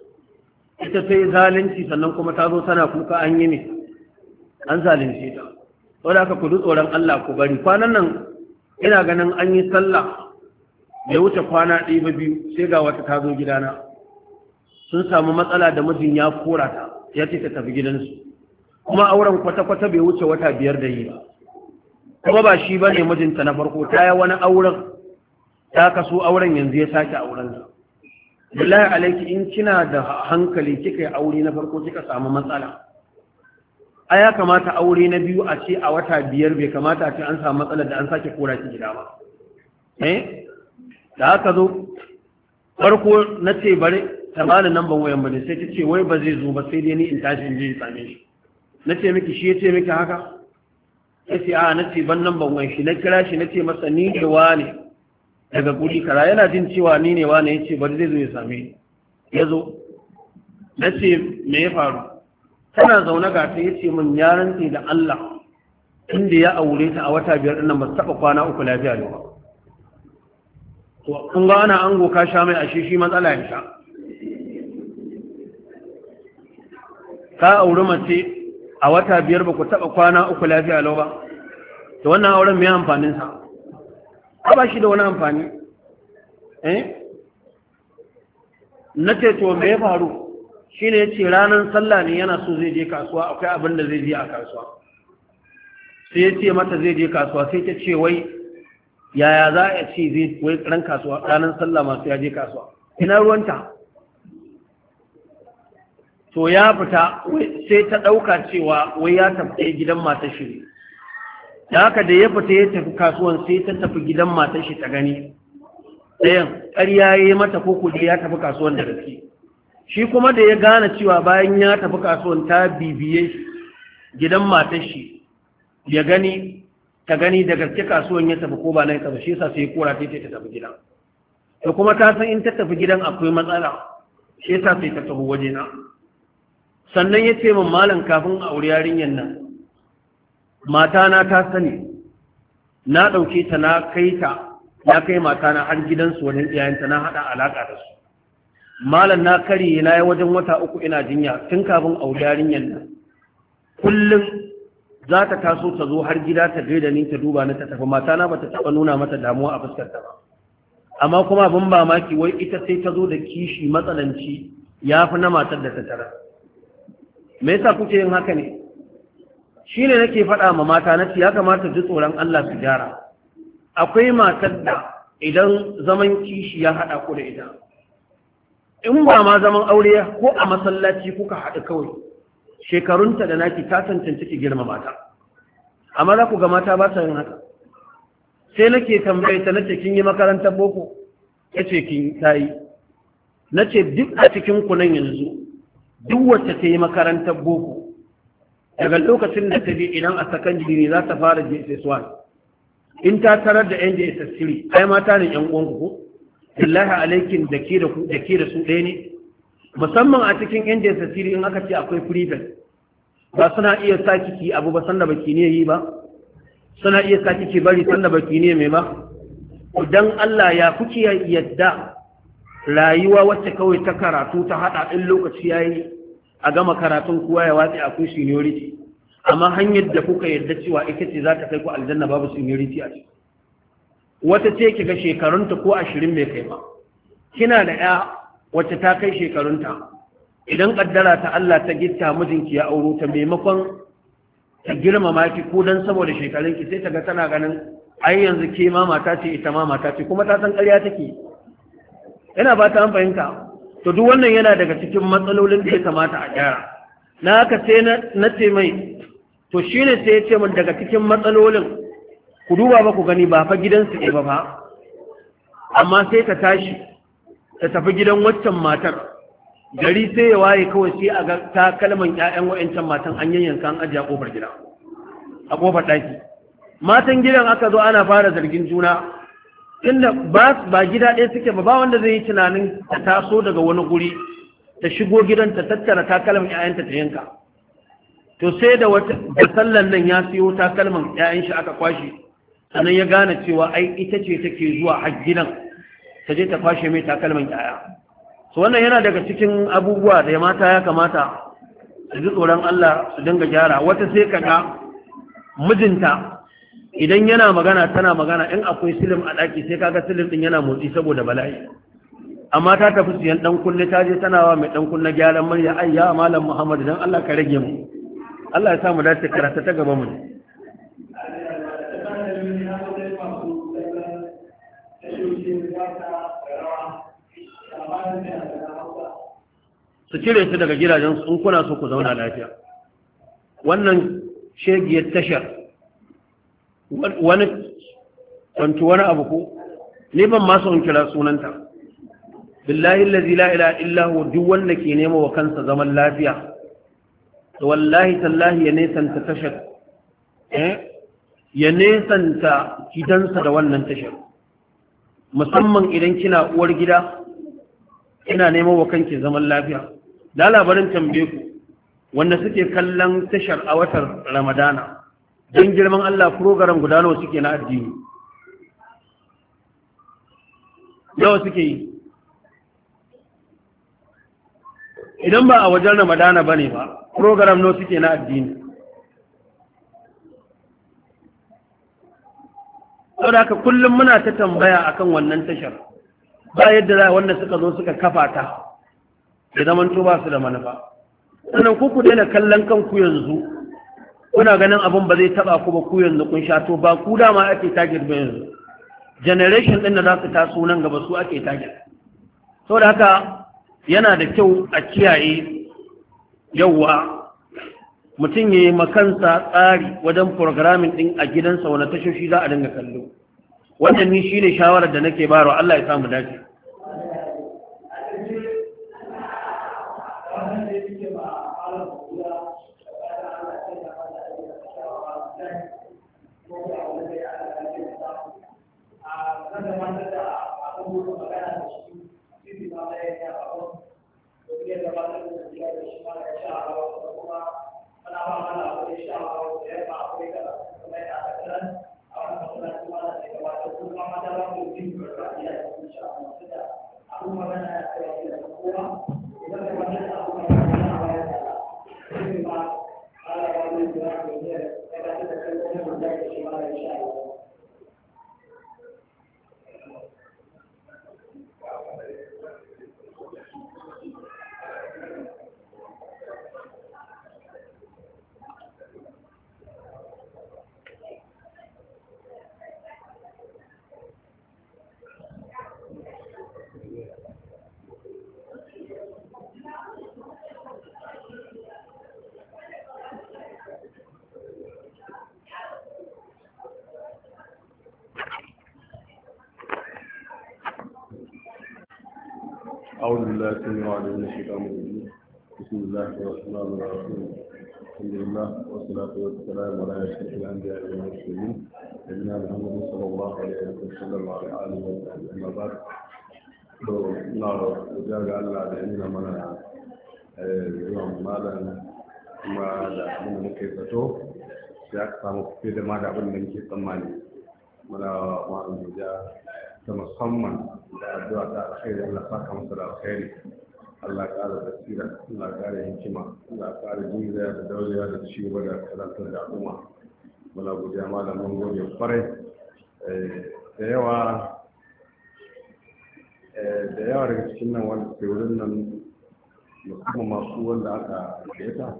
ita ta yi zalunci sannan kuma ta zo tana kuka an yi ne an zalunce ta wadda aka kudu tsoron Allah ku bari kwanan nan ina ganin an yi sallah ya wuce kwana ɗaya ba biyu sai ga wata ta zo gidana sun samu matsala da mijin ya kora ta ya ce ta tafi gidansu kuma auren kwata-kwata bai wuce wata biyar da yi ba kuma ba shi ba ne mijinta na farko ta yi wani auren ta kaso auren yanzu ya sake auren sa billahi alaiki in kina da hankali kika yi aure na farko kika samu matsala a ya kamata aure na biyu a ce a wata biyar bai kamata a ce an samu matsala da an sake kora ki gida ba eh? da haka zo farko na ce bare bani nan ban wayan ne sai ta ce wai ba zai zo ba sai dai ni in tashi in je same shi na ce miki shi ya ce miki haka ya ce a na ce ban nan ban shi na kira shi na ce masa ni ne wa ne daga guri kara yana jin cewa ni ne wa ne ya ce bari zai zo ya same ni ya zo na ce me ya faru tana zaune ga ta ya ce min yaran ce da Allah inda ya aure ta a wata biyar ɗin ba su taɓa kwana uku lafiya ne ba kun ga ana ango ka sha mai ashe shi matsala ya sha ka auri mace a wata biyar ba ku taɓa kwana uku lafiya lau ba to wannan auren mai amfaninsa a ba shi da wani amfani eh na ce to me ya faru shi ne ya ce ranar sallah ne yana so zai je kasuwa akwai abin da zai je a kasuwa sai ya ce mata zai je kasuwa sai ta ce wai yaya za a ce zai wai ran kasuwa ranar sallah masu ya je kasuwa ina ruwanta to ya fita sai ta ɗauka cewa wai ya tafi gidan matar shi da haka da ya fita ya tafi kasuwan sai ta tafi gidan matar shi ta gani ɗayan ƙarya ya yi mata ko kuje ya tafi kasuwan da gaske shi kuma da ya gane cewa bayan ya tafi kasuwan ta bibiye gidan matar shi ya gani ta gani da gaske kasuwan ya tafi ko ba nan ka shi yasa sai ya kora sai ta tafi gidan to kuma ta san in ta tafi gidan akwai matsala shi yasa sai ta tafi wajena sannan ya ce min malam kafin aure yarinyar nan matana ta sani na ɗauke ta na kai ta na kai matana har gidansu wajen iyayenta na haɗa alaƙa da su malam na karye na yi wajen wata uku ina jinya tun kafin aure yarinyar nan kullum za ta taso ta zo har gida ta da ni ta duba ni ta tafi matana ba ta taɓa nuna mata damuwa a fuskar ta ba amma kuma abin mamaki wai ita sai ta zo da kishi matsananci ya fi na matar da ta tara me yasa kuke yin haka ne shi ne nake faɗa ma mata na ya kamata ji tsoron Allah su gyara akwai matar da idan zaman kishi ya haɗa ku da ita in ba ma zaman aure ko a masallaci kuka haɗu kawai shekarunta da naki ta tantance ki girma mata amma za ku ga mata ba sa yin haka sai nake tambaye ta nace kin yi makarantar boko ce kin tayi nace duk a cikin ku nan yanzu duk wacce ta yi makarantar boko daga lokacin da ta je idan a sakan ne za ta fara jss1 in ta tarar da yan jss3 ai mata ne yan uwan ku billahi alaikin da ke da su ɗaya ne musamman a cikin yan jss3 in aka ce akwai prefect ba suna iya sa kiki abu ba sanda baki ne yi ba suna iya sa kiki bari sanda baki ne mai ba idan Allah ya kuke yadda rayuwa wacce kawai ta karatu ta haɗa ɗin lokaci ya yi a gama karatun kuwa ya watsi akwai seniority amma hanyar da kuka yarda cewa ita ce za ta kai ku aljanna babu seniority a ciki wata ce kiga shekarunta ko ashirin mai kai ba kina da ya wacce ta kai shekarunta idan ƙaddara ta Allah ta gitta mijinki ya auro ta maimakon ta girmama ki ko dan saboda shekarunki sai ta ga tana ganin ai yanzu ke ma mata ce ita ma mata ce kuma ta san ƙarya take ina ba ta fahimta to duk wannan yana daga cikin matsalolin da ya kamata a gyara na aka ce na ce mai to shi ne sai ya ce min daga cikin matsalolin ku duba ba ku gani ba fa gidansu ne ba fa amma sai ka tashi ta tafi gidan waccan matar gari sai ya waye kawai sai a ga takalman ƴaƴan wa'ancan matan an yayyanka an ajiye a kofar gida a kofar ɗaki matan gidan aka zo ana fara zargin juna inda ba gida ɗaya suke ba ba wanda zai yi tunanin ta taso daga wani guri ta shigo gidan ta tattara takalmin 'ya'yanta ta yanka to sai da wata sallan nan ya siyo takalmin 'ya'yan shi aka kwashe sannan ya gane cewa ai ita ce take zuwa har gidan ta je ta kwashe mai takalmin 'ya'ya so wannan yana daga cikin abubuwa da ya mata ya kamata su ji tsoron Allah su dinga gyara wata sai kaga mijinta idan yana magana tana magana in akwai silim a ɗaki sai kaga silim ɗin yana motsi saboda bala'i amma ta tafi siyan ɗan kunne ta je tana wa mai ɗan kunne gyaran murya ai ya malam muhammad dan allah ka rage mu allah ya sa mu dace karata ta gaba mu su cire su daga gidajen in kuna so ku zauna lafiya wannan shegiyar tashar wani kwanci wani abu ko ne ban ma son kira sunanta billahi allazi la ilaha illa huwa duk wanda ke nema wa kansa zaman lafiya to wallahi tallahi ya nesanta tashar eh ya nesanta gidansa da wannan tashar musamman idan kina uwar gida kina nema wa kanki zaman lafiya da labarin tambaye ku wanda suke kallon tashar a watan ramadana don girman Allah program guda nawa suke na addini yawa suke yi idan ba a wajen ramadana ba ne ba program nawa suke na addini sau da haka kullum muna ta tambaya akan wannan tashar ba yadda za wanda suka zo suka kafa ta ya zamanto ba su da manufa sannan kuku ku daina kallon kanku yanzu kuna ganin abin ba zai taba ku ba ku yanzu kun sha to ba ku dama ake target ba yanzu generation din da za su taso nan gaba su ake target saboda haka yana da kyau a kiyaye yawwa mutum ya yi makansa tsari wajen programming din a gidansa wani tashoshi za a dinga kallo wannan ni ne shawarar da nake bayarwa Allah ya samu dace أعوذ بالله السميع العليم من الشيطان الرجيم بسم الله الرحمن الرحيم الحمد لله والصلاة والسلام على أشرف الأنبياء والمرسلين نبينا محمد صلى الله عليه وسلم وعلى آله وصحبه أما بعد na wajen Allah da yana mana yawan malam kuma da abin da muka yi zato ya aka samu fiye da ma da abin da muke tsammani muna ma'an ta musamman da addu'a ta alkhairi Allah saka masa da alkhairi Allah ƙara basira Allah ƙara hikima Allah ƙara juriya da daurewa da ci gaba da karantar da al'umma muna godiya malamin gobe kwarai eh, da yawa eh, da yawa daga cikin nan wanda ke wurin nan musamman masu wanda aka gaita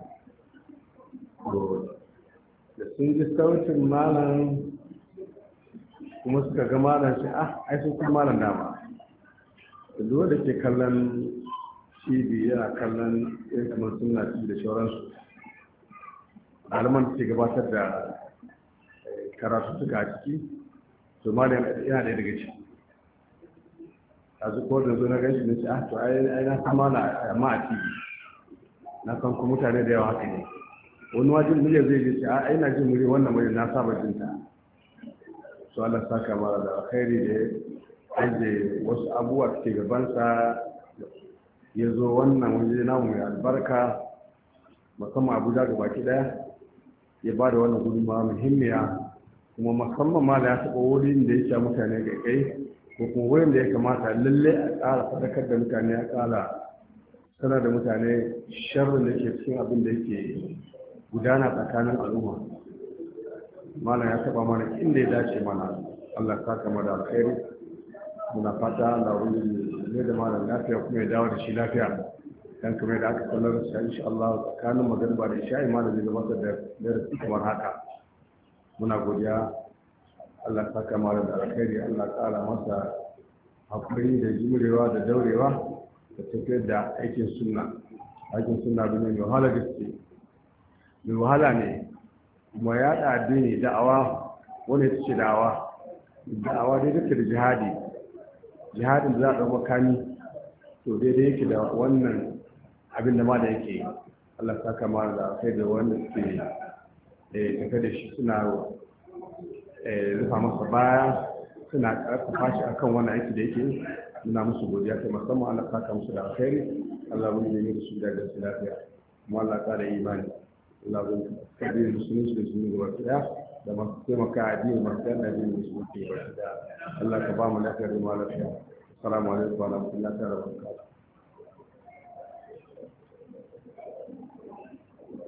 da sun ji sautin malam kuma suka ga malam shi ah ai sun kuma malam dama duk wanda ke kallon tv yana kallon irin kamar suna ci da shauransu alaman ke gabatar da eh, karatu suka a ciki to malam yana ɗaya daga ciki a ko da zo na gashi na ce ah to ai na san mana amma eh, a tv na san ku mutane da yawa haka ne wani wajen murya zai ce ah ai na jin murya wannan murya na saba jinta to Allah saka mara da khairi da ajiye wasu abubuwa ke gabansa ya zo wannan waje na mai albarka musamman abuja ga baki daya ya ba da wannan gudunmawa muhimmiya kuma musamman ma da ya taɓa wurin da ya sha mutane ga kai ko kuma wurin da ya kamata lalle a ƙara sadakar da mutane ya ƙara sanar da mutane sharrin da ke cikin abin da yake gudana tsakanin al'umma malam ya taɓa mana inda ya dace mana allah ka kama da alkhairi muna fata na wuri ne da malam lafiya kuma ya dawo da shi lafiya dan kamar da aka kallon da insha Allah tsakanin magana da isha malam da zama da darasi kamar haka muna godiya Allah ya saka malam da alkhairi Allah ya kara masa hakuri da jimurewa da daurewa da tafiyar da aikin sunna aikin sunna bin mai wahala gaske mai wahala ne kuma ya da addini da'awa wani ya ce da'awa da'awa dai duka da jihadi jihadin da za a ɗauka makami to daidai yake da wannan abin da ma da yake Allah ta kama da kai da wanda suke eh, tafe da shi suna eh, rufa masa baya suna ƙarfafa shi akan wannan aiki da yake muna musu godiya ta musamman Allah ta kama musu da alkhairi Allah mun da su da gaske lafiya kuma Allah ta da imani Allah mun kabi musulunci da su ne gaba ɗaya da masu taimaka a addini masu dan addini da su ke Allah ka ba mu lafiya da malafiya assalamu alaikum wa rahmatullahi wa barakatuh